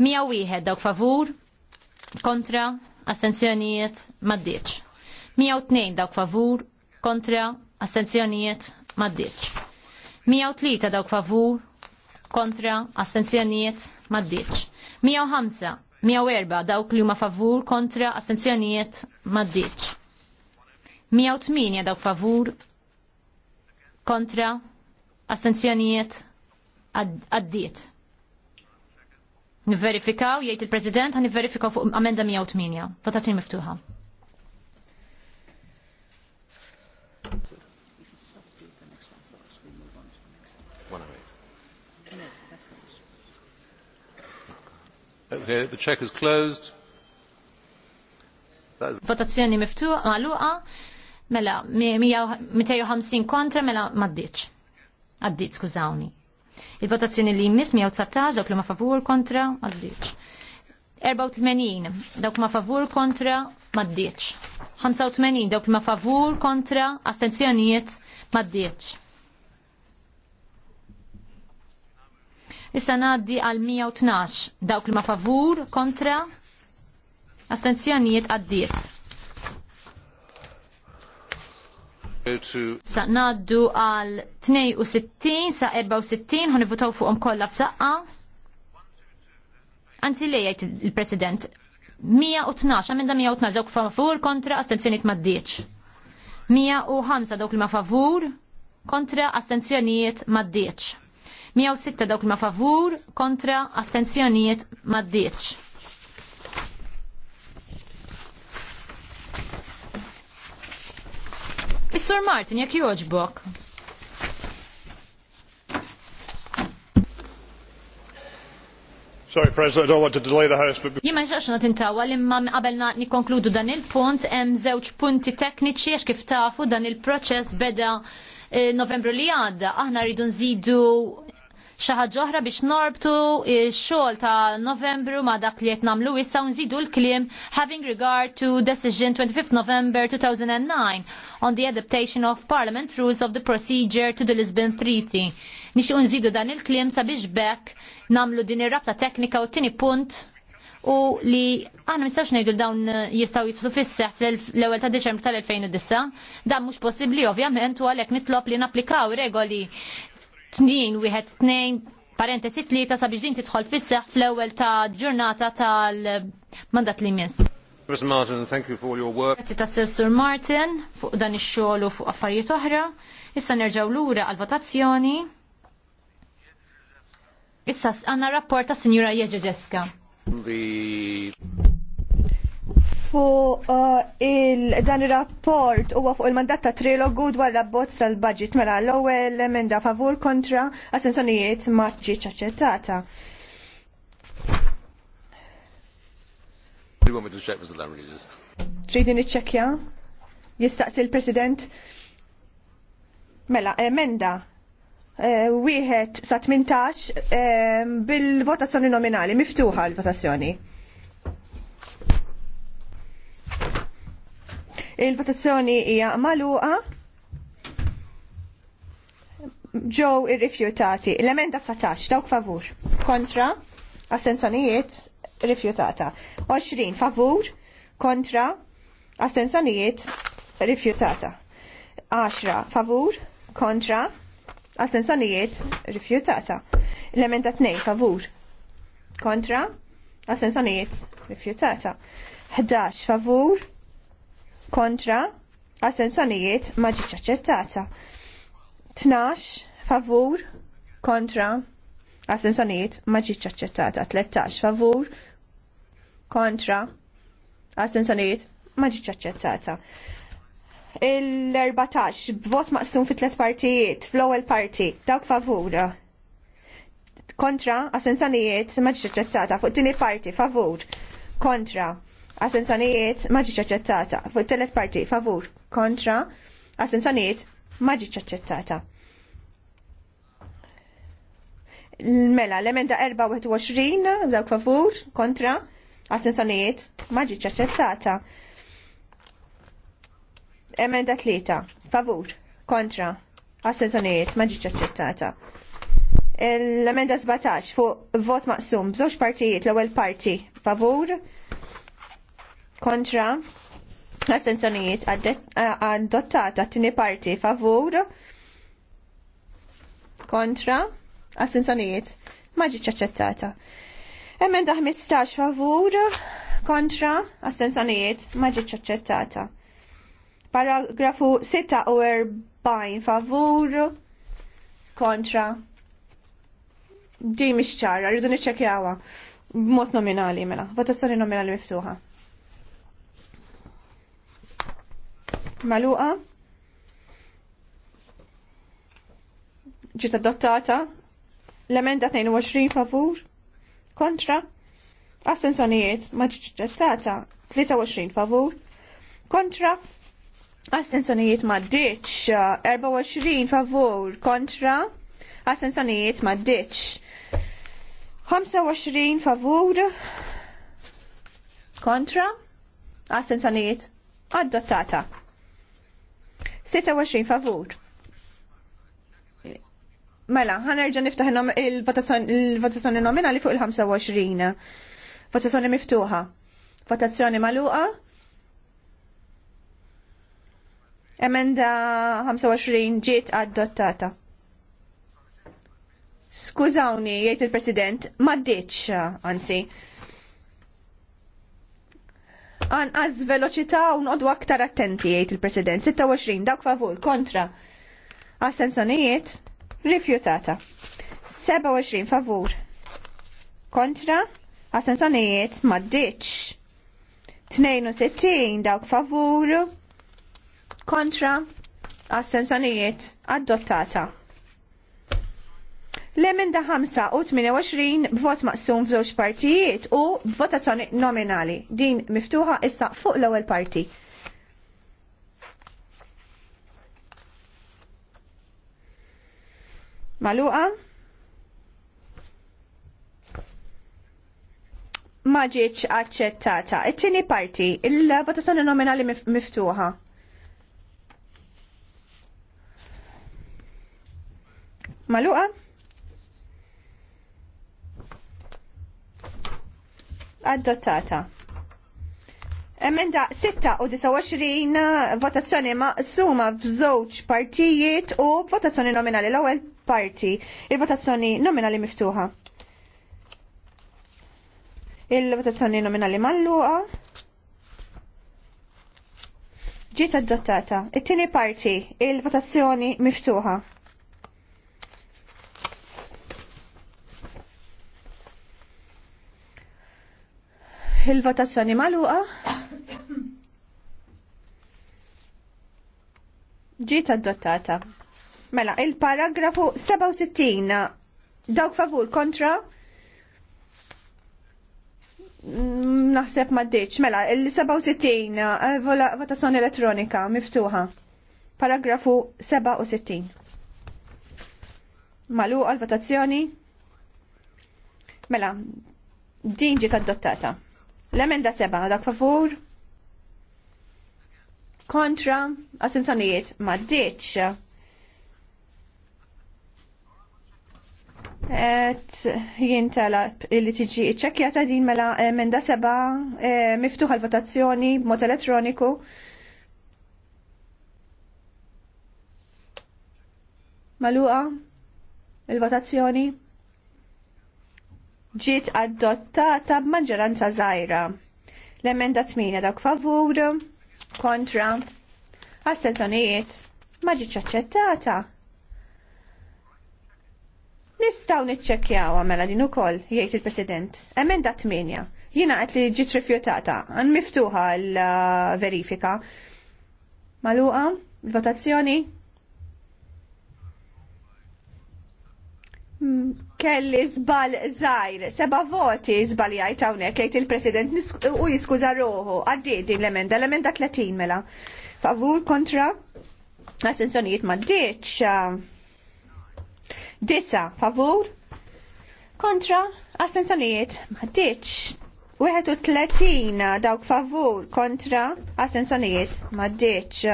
101, dawk favur, kontra, astenzjonijiet, ma ddiċ. 102, dawk favur, kontra, astenzjonijiet maddiċ. 103 dawk favur kontra astenzjonijiet maddiċ. 105, 104 dawk li huma favur kontra astenzjonijiet maddiċ. 108 dawk favur kontra astenzjonijiet għaddiet. Nivverifikaw, jgħid il-President, għan nifverifikaw fuq amenda 108. Votazzjoni miftuħa. Okay, the check is closed. Votazzjoni miftuqa, maluqa, mela, 250 kontra, mela, maddiċ. Addiċ, skużawni. Il-votazzjoni li jmiss 119, dawk li ma favur kontra, maddiċ. 84, dawk ma favur kontra, maddiċ. 85, dawk li ma favur kontra, astenzjonijiet, maddiċ. Issa ngħaddi għal 112 dawk li ma favur kontra astenzjonijiet għaddiet. Sa naddu għal 62 sa 64 ħon votaw fuqhom kollha f'saqqa. Anzi lej jgħid il-President 112, għamenda 112 dawk favur kontra astenzjonijiet ma ddieċ. 105 dawk li ma favur kontra astenzjonijiet ma ddieċ. 106 dawk ma favur kontra astenzjonijiet ma ddiċ. Is-Sur Martin, jekk joġbok. Sorry, President, I don't want to delay the House, but... Jima xax not intawa li ma qabelna nikonkludu dan il-punt, hemm żewġ punti tekniċi għax kif tafu dan il-proċess beda eh, novembru li għadda. Aħna rridu nżidu xaħġoħra biex norbtu x-xogħol ta' Novembru ma' dak li qed nagħmlu issa nżidu l-kliem having regard to decision 25 November 2009 on the adaptation of Parliament rules of the procedure to the Lisbon Treaty. Nix nżidu dan il-kliem sabiex bekk nagħmlu din ir-rabta teknika u tini punt u li għana mistawx nejdu dawn jistaw jitlu fisseħ fl-ewel ta' deċembru tal-2009. Dan mux possibli, ovvjament, u għalek nitlop li naplikaw regoli tnin wieħed tnejn parentesi tlieta sabiex din tidħol fis-seħħ fl-ewwel ta' ġurnata tal-mandat li miss. Chris Martin, thank you for your work. Grazzi ta' Sir Martin fuq dan ix-xogħol u fuq affarijiet oħra. Issa nerġgħu lura għal-votazzjoni. Issa għandna rapport ta' Sinjura Jeġeġeska. The fuq uh, il dan ir-rapport huwa fuq il-mandat ta' trilogu dwar rabbozz tal-budget mela l-ewwel emenda favur kontra assenzjonijiet ma ġietx aċċettata. Tridin iċċekja? Jistaqsi l-President? Mela, emenda eh, wieħed sa 18 eh, bil-votazzjoni nominali, miftuħa l-votazzjoni. Il-votazzjoni hija magħluqa ġew irrifjutati. L-emenda 19 dawk favur. Kontra astenzjonijiet rifjutata. 20 favur kontra astenzjonijiet rifjutata. 10 favur kontra astenzjonijiet rifjutata. L-emenda 2 favur kontra astenzjonijiet rifjutata. 11 favur kontra astensjonijiet ma ġietx aċċettata. 12 favur kontra astensjonijiet ma ġietx aċċettata. 13 favur kontra astensjonijiet ma ġietx aċċettata. Il-14 b'vot maqsum fit tlet partijiet, fl-ewwel parti, dawk favur. Kontra astensjonijiet ma ġietx aċċettata fuq tieni parti favur kontra Astenzjonijiet ma ġietx aċċettata. Fu t telet parti favur kontra. Astenzjonijiet ma ġietx aċċettata. Mela, l-emenda 24, dawk favur, kontra, astenzjonijiet, ma ġietx aċċettata. Emenda 3, favur, kontra, astenzjonijiet, ma ġietx aċċettata. L-emenda 17 fuq vot maqsum, bżoċ partijiet, l-ewwel parti, favur, kontra astenzjonijiet adottata t-tieni parti favur kontra astenzjonijiet ma ġietx aċċettata. Emenda 15 favur kontra astenzjonijiet ma ġietx aċċettata. Paragrafu 46 favur kontra ġej mix ċara, rridu niċċekjawha b'mod nominali mela, votazzjoni nominali miftuħa. maluqa ġiet adottata l-emenda 22 favur kontra astensjonijiet ma ġiet adottata 23 favur kontra astensjonijiet ma ddiċ 24 favur kontra astensjonijiet ma ddiċ 25 favur kontra astensjonijiet adottata. 26 favur. Mela, ħanerġa niftaħ il-votazzjoni nominali fuq il-25. Votazzjoni miftuħa. Votazzjoni maluqa. Emenda 25 ġiet adottata. Skużawni, jgħid il-President, ma ditx, anzi anqas veloċità u noqdu aktar attenti jgħid il-President. 26 dawk favur kontra astensjonijiet rifjutata. 27 favur kontra astensjonijiet maddiċ. 62 dawk favur kontra assenzjonijiet adottata. L-emenda 5 u 28 b'vot maqsum f'żewġ partijiet u votazzjoni nominali. Din miftuħa issa fuq l-ewwel parti. Maluqa? Ma ġietx aċċettata. It-tieni parti, il-votazzjoni nominali miftuħa. Maluqa? adottata. Emenda 6 u 29 votazzjoni maqsuma f'żewġ partijiet u votazzjoni nominali l-ewwel parti. Il-votazzjoni nominali miftuħa. Il-votazzjoni nominali malluqa. Ġiet adottata. It-tieni parti, il-votazzjoni miftuħa. Il-votazzjoni maluqa. Ġiet adottata. Mela, il-paragrafu 67. Dawk favur kontra. Mm, naħseb ma ddiċ. Mela, il-67 eh, votazzjoni elettronika miftuħa. Paragrafu 67. Maluqa l-votazzjoni. Mela, din ġiet adottata. L-emenda seba, dak favur. Kontra, assenzjonijiet maddiċ. Et jintala li tiġi iċċekjata din mela emenda seba eh, miftuħa l-votazzjoni b'mod elettroniku. Maluqa il-votazzjoni ġiet adottata b'maġġoranza żgħira. L-emenda 8 dak favur, kontra, astenzjonijiet ma ġietx aċċettata. Nistgħu niċċekkjawha mela din ukoll, jgħid il-President. Emenda 8. Jiena qed li ġiet rifjutata, għan miftuħa l-verifika. Maluqa, votazzjoni, kelli zbal zaħir, seba voti zbal jajt għawnek, il-president u jiskuza roħu, għaddi din l-emenda, l-emenda 30 mela. Favur kontra, assenzjonijiet ma ddiċ. Disa, favur, kontra, assenzjonijiet ma u tletin, dawk favur kontra, assenzjonijiet ma ddiċ.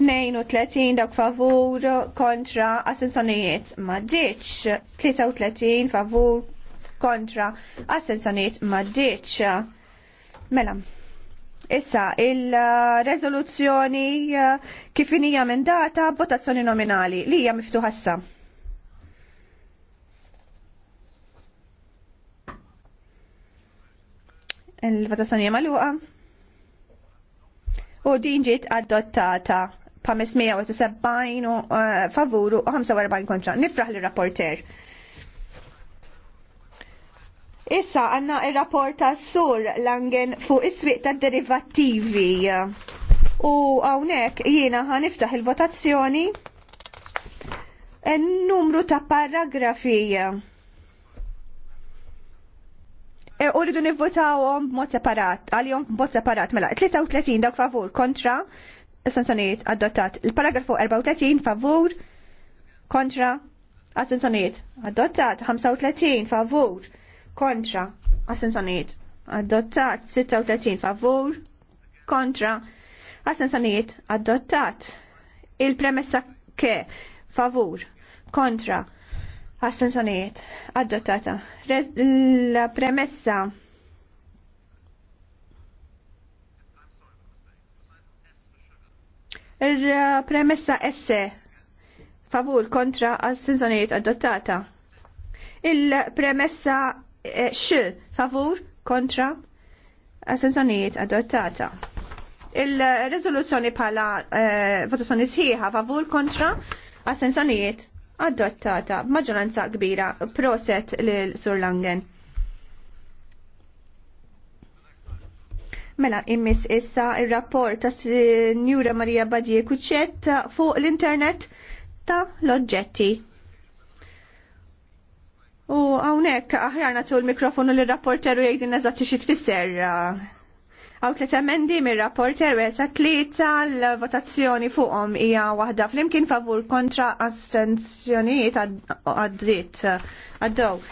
32 dak favur kontra assenzjonijiet maddiċ, 33 favur kontra assenzjonijiet maddiċ. Mela, issa il-rezoluzzjoni eh, kif hija minn data votazzjoni nominali li hija miftuħa issa. Il-votazzjoni hija magħluqa u din ġiet adottata. 570 favuru u 45 kontra. Nifraħ li rapporter. Issa għanna il-rapport sur langen fuq is-swieq ta' derivativi. U għawnek jiena iftaħ il-votazzjoni il numru ta' paragrafi. E Uridu nivvotawhom b'mod separat, għalihom mod separat, mela 33 dak favur kontra Assenzjonijiet adottat. Il-paragrafu 34 favur kontra assenzjonijiet adottat. 35 favur kontra assenzjonijiet adottat. 36 favur kontra assenzjonijiet adottat. Il-premessa ke favur kontra assenzjonijiet adottata. La premessa Il-premessa esse favur kontra assenzjonijiet adottata. Il-premessa e, x favur kontra assenzjonijiet adottata. Il-rezoluzzjoni pala eh, votazzjoni sħiħa favur kontra assenzjonijiet adottata Maġoranza kbira proset lil Sur Langen. Mela, immis issa il-rapport ta' Signora Maria Badie Kuċet fuq l-internet ta' l-oġġetti. U għawnek, aħjar natu l-mikrofonu l-rapporteru jgħidin eżatti xie tfisser. Għaw tlet emendi mir-rapporter wesa tlieta l-votazzjoni fuqhom hija waħda flimkien favur kontra astenzjonijiet għad-dritt għaddew.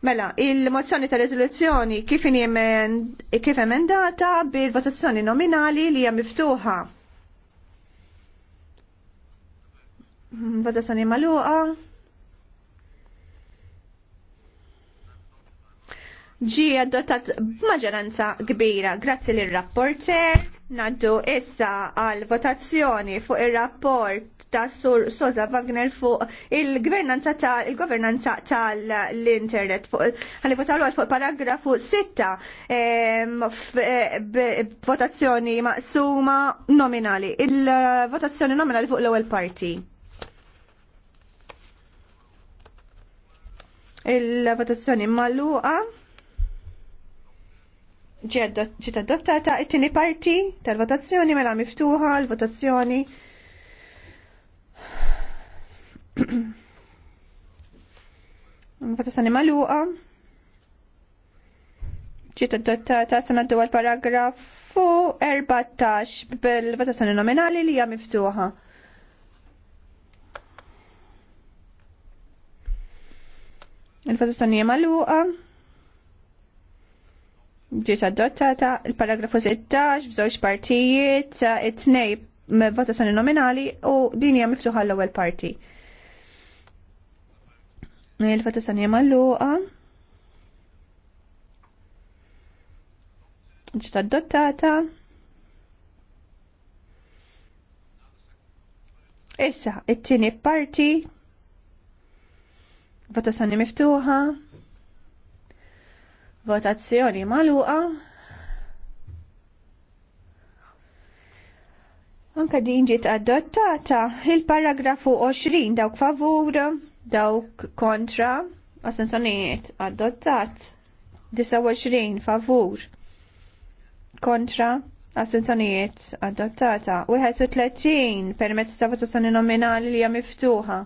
Mela, il-mozzjoni ta' rezoluzzjoni kif kif emendata bil-votazzjoni nominali li hija miftuħa. Hmm, votazzjoni magħluqa. Ġie adottat b'maġġoranza kbira. Grazzi lir rapporter Naddu issa għal votazzjoni fuq ir-rapport ta' Sur Soza Wagner fuq il-governanza tal il-governanza tal-internet Għalli ħalli votalu għal fuq paragrafu 6 eh, votazzjoni maqsuma nominali. Il-votazzjoni nominali fuq l-ewwel parti. Il-votazzjoni magħluqa ġiet adottata it-tieni parti tal-votazzjoni mela miftuħa l-votazzjoni. Votazzjoni magħluqa. Ġiet adottata se d għall-paragrafu 14 bil-votazzjoni nominali li hija miftuħa. Il-votazzjoni hija magħluqa ġiet adottata il-paragrafu 16 f'żewġ partijiet eh, it-tnej votazzjoni nominali u din hija miftuħa l-ewwel parti. Il-votazzjoni hija magħluqa. Ġiet adottata. Issa, it-tieni parti votazzjoni miftuħa. Votazzjoni maluqa. Anka din ġiet adottata il-paragrafu 20 dawk favur, dawk kontra, assenzjonijiet adottat 29 favur kontra assenzjonijiet adottata 31 permezz ta' votazzjoni nominali li hija miftuħa.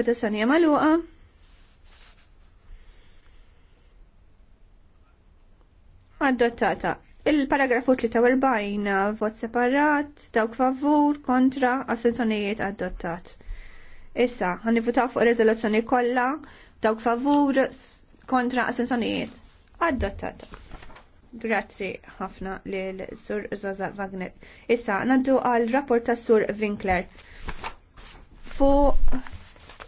Votazzjoni hija magħluqa. Adottata. Il-paragrafu 43 vot separat, dawk favur, kontra, assenzjonijiet adottat. Issa, votaw fuq rezoluzzjoni kolla, dawk favur, kontra, assenzjonijiet adottata. Grazzi ħafna lil Sur Zaza Wagner. Issa, naddu għal rapport ta' Sur Winkler. Fu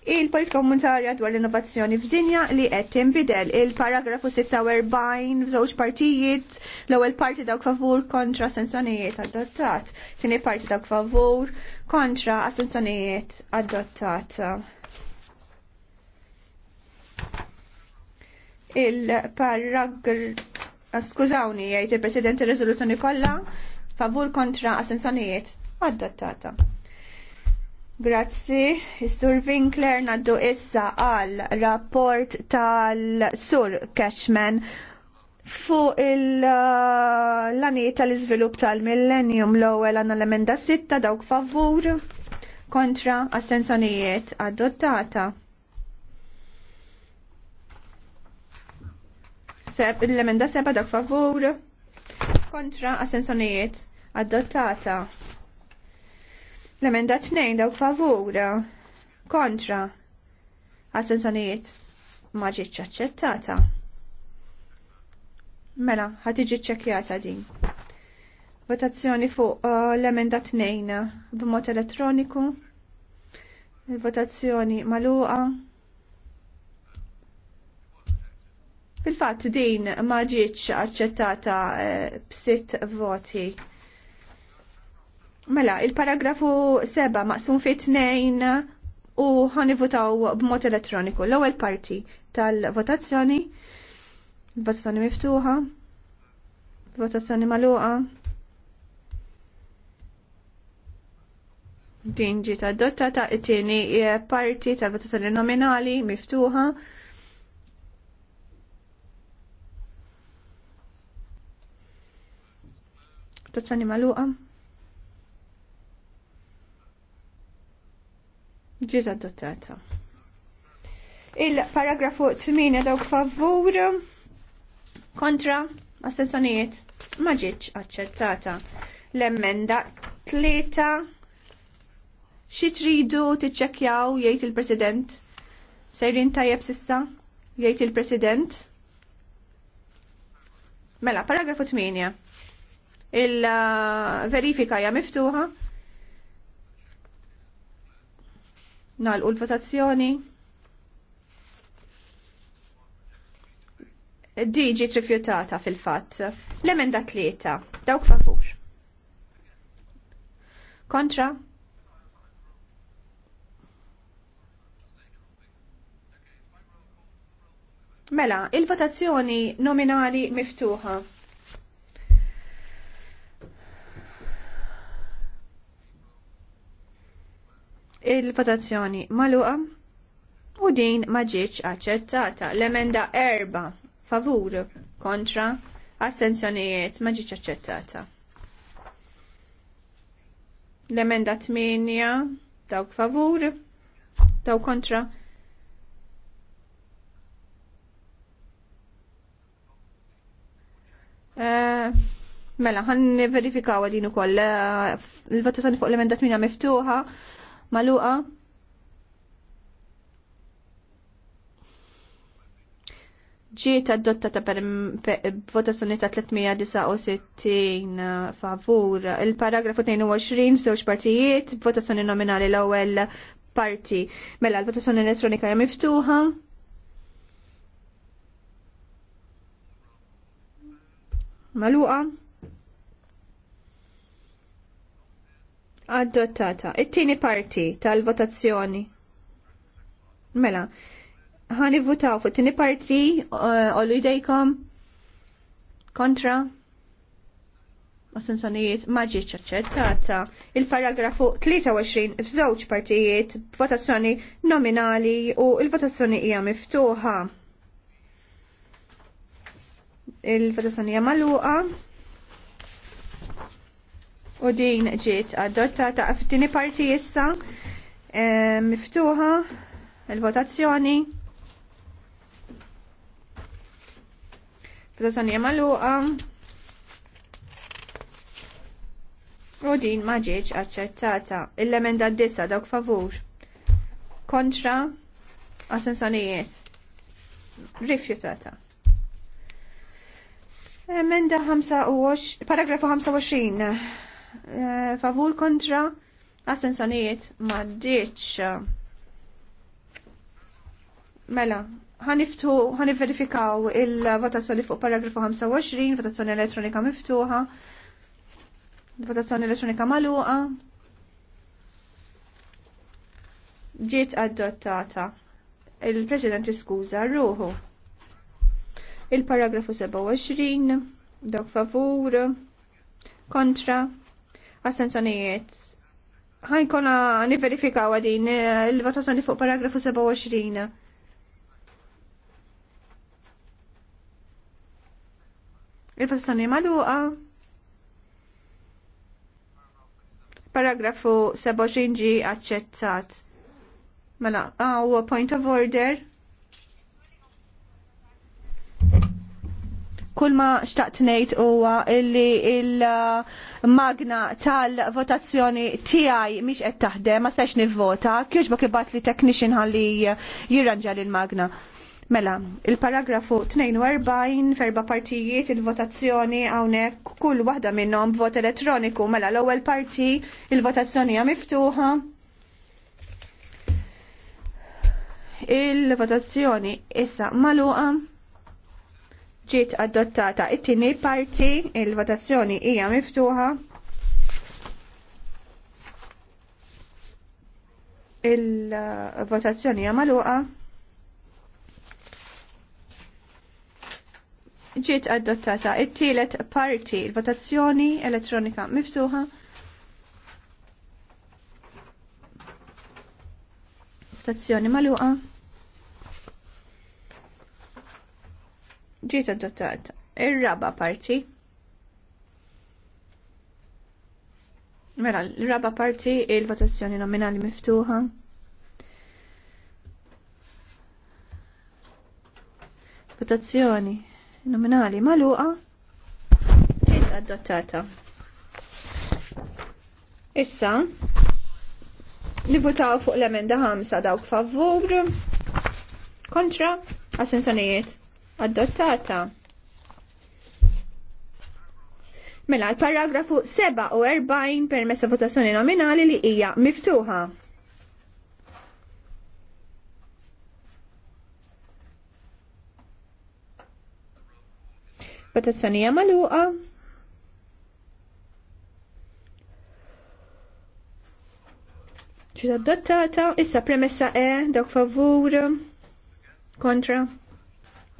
il-politika komunitarja dwar l-innovazzjoni f'dinja li qed tinbidel. Il-paragrafu 46 f'żewġ partijiet, l-ewwel parti dawk favur kontra assenzjonijiet adottat, tieni parti dawk favur kontra assenzjonijiet adottat. Il-paragraf Skużawni, jgħid il-President ir-riżoluzzjoni kollha favur kontra assenzjonijiet adottata. Grazzi, Sur Winkler naddu issa għal rapport tal-Sur Cashman fuq il-lani tal-izvilup tal-millennium l-ewwel għandna l-emenda sitta dawk favur kontra assenzjonijiet adottata. Seb, l-emenda seba dawk favur kontra astensjonijiet adottata. L-emenda t-nejn dawk favur kontra għas-sensonijiet ma ġietx aċċettata. Mela, ħad ċekjata din. Votazzjoni fuq uh, l-emenda t-nejn b'mod elettroniku. Il-votazzjoni maluqa. Fil-fatt din ma ġietx aċċettata uh, b'sitt voti. Mela, il-paragrafu 7 maqsum fi tnejn u ħanivutaw b'mod elettroniku. L-ewwel parti tal-votazzjoni, votazzjoni miftuħa, votazzjoni magħluqa. Din ġiet adottata it-tieni parti tal-votazzjoni nominali miftuħa. Votazzjoni magħluqa. ġiet adottata. Il-paragrafu 8 dawk favur kontra astensjonijiet ma ġietx aċċettata. L-emenda 3 xi tridu tiċċekkjaw jgħid il-President sejrin tajjeb sista jgħid il-President. Mela, paragrafu 8. Il-verifika hija miftuħa. Nalqu l-votazzjoni. Diġi trifjutata fil-fatt. L-emenda tlieta. Dawk favur. Kontra? Mela, il-votazzjoni nominali miftuħa. il-votazzjoni maluqa u din ma ġietx aċċettata. L-emenda erba favur kontra astensjonijiet ma ġietx aċċettata. L-emenda 8 dawk favur, daw kontra eh, mela, ħan verifikaw għadin u koll, eh, il-votazzjoni fuq l-emendat minna miftuħa, maluqa. ġiet ta' per votazzjoni ta' 369 eh, favur. Il-paragrafu 22 f'żewġ partijiet, votazzjoni nominali l-ewwel parti. Mela l-votazzjoni elettronika hija miftuħa. Maluqa. Adottata. It-tieni parti tal-votazzjoni. Mela, ħani votaw fuq it-tieni parti, uh, idejkom kontra, assenzjonijiet ma ġietx aċċettata. Il-paragrafu 23 f'żewġ partijiet votazzjoni nominali u il-votazzjoni hija miftuħa. Il-votazzjoni hija magħluqa u din ġiet adottata ta' tieni parti issa eh, miftuħa il-votazzjoni. Votazzjoni magħluqa. U din ma ġietx aċċettata. Il-emenda d-dissa dawk favur. Kontra assenzjonijiet. Rifjutata. Emenda 25, paragrafu 25. Eh, favur kontra astensjonijiet maddiċ. Mela, ħaniftu, ħaniverifikaw il-votazzjoni fuq paragrafu 25, votazzjoni elettronika miftuħa, votazzjoni elettronika maluqa, ġiet adottata. Il-President iskuża ruħu. Il-paragrafu 27, dok favur, kontra, Astenzjonijiet. Ħajkona niverifikaw għadin eh, il-votazzjoni fuq paragrafu 27. Il-votazzjoni maluqa. Paragrafu 27 ġi accettat. Mela, għaw ah, point of order. kull ma xtaqt ngħid huwa illi il-magna tal-votazzjoni tiegħi mhix qed taħdem, ma stax nivvota, kieġbok ibat li technician ħalli jirranġa l-magna. Mela, il-paragrafu 42 ferba partijiet il-votazzjoni hawnhekk kull waħda minnhom b'vot elettroniku. Mela l-ewwel parti il-votazzjoni hija miftuħa. Il-votazzjoni issa magħluqa ġiet adottata. It-tieni parti il-votazzjoni hija miftuħa. Il-votazzjoni hija magħluqa. Ġiet adottata it-tielet parti il-votazzjoni elettronika miftuħa. Votazzjoni magħluqa. ġiet adottat. Ir-raba parti. Mela, l-raba parti il-votazzjoni nominali miftuħa. Votazzjoni nominali maluqa ġiet adottata. Issa, nivutaw fuq l-emenda ħamsa dawk favur, kontra, assenzjonijiet adottata. Mela l-paragrafu 47 permessa votazzjoni nominali li hija miftuħa. Votazzjoni hija magħluqa. Ġiet adottata, issa premessa E, dawk favur, kontra.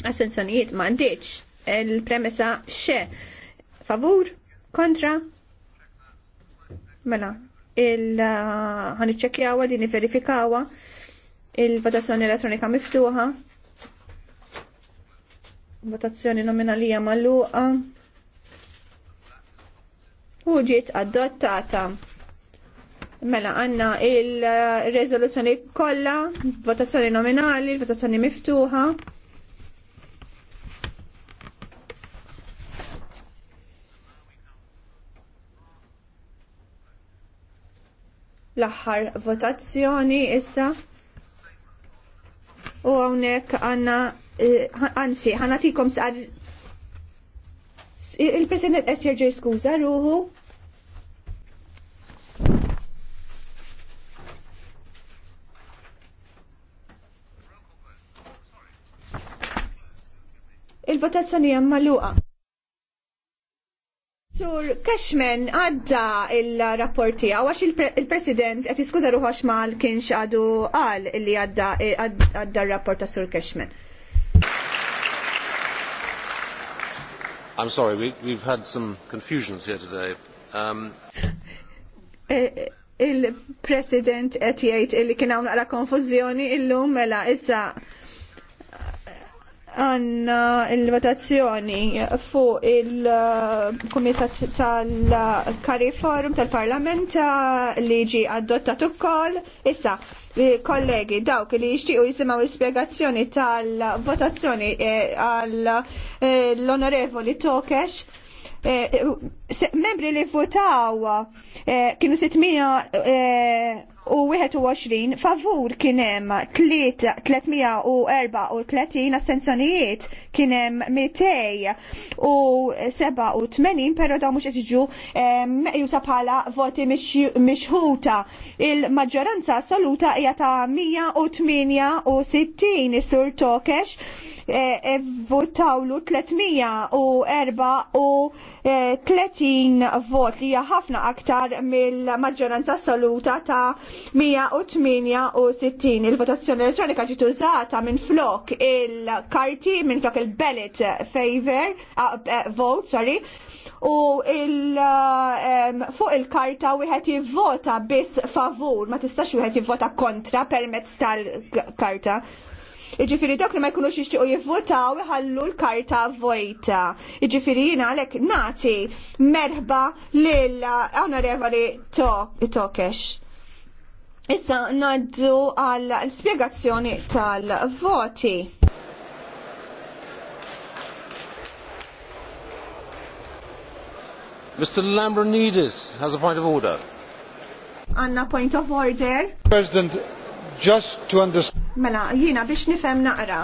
Assenzjonijiet mandiċ. Il-premessa xe. Favur? Kontra? Mela. Il-ħaniċċekjawa uh, li niverifikawa il-votazzjoni elettronika miftuħa. Votazzjoni nominalija malluqa. U ġiet adottata. Mela għanna il-rezoluzzjoni uh, kollha, votazzjoni nominali, votazzjoni miftuħa. l-aħħar votazzjoni issa. U hawnhekk għandna eh, anzi ħanatikom sar il-President qed jerġa' skuża ruħu. Il-votazzjoni hemm magħluqa. Sur Cashman għadda il-rapporti għax il-President għet iskuza ruħax mal kienx għadu għal li għadda il-rapport eh, ta' Sur Cashman. I'm sorry, we, we've had some confusions here today. Um... Eh, eh, il-President qed jgħid li kien hawn naqra konfużjoni illum mela issa għanna il-votazzjoni fuq il-Komitat tal-Kariforum tal-Parlament uh, li ġi adottat ukoll. Issa, eh, kollegi, dawk li jixtiequ jisimaw l-spjegazzjoni tal-votazzjoni eh, għall-Onorevoli eh, Tokesh. Membri li votaw kienu 600 u 21 favur kienem 334 astenzjonijiet kienem 200 u 87 pero da mux etġu jusa bħala voti mixħuta. Il-maġġoranza assoluta hija ta' 168 is-sur e, e votawlu 334 vot li hija ħafna aktar mill-maġġoranza assoluta ta' 168 il-votazzjoni elettronika ġiet użata minn flok il-karti minn flok il-ballot favor uh, uh, vote, sorry, u il um, fuq il-karta wieħed jivvota biss favur, ma tistax wieħed jivvota kontra permezz tal-karta. Iġifiri dok li ma jkunux jixtiequ jivvotaw iħallu l-karta vojta. Iġifiri jiena għalhekk nagħti merħba lil Onorevoli Tokesh. Issa naddu għal spiegazzjoni tal-voti. Mr. Lambronidis has a point of order. a point of order. President, just to understand. Mela, jina biex nifem naqra.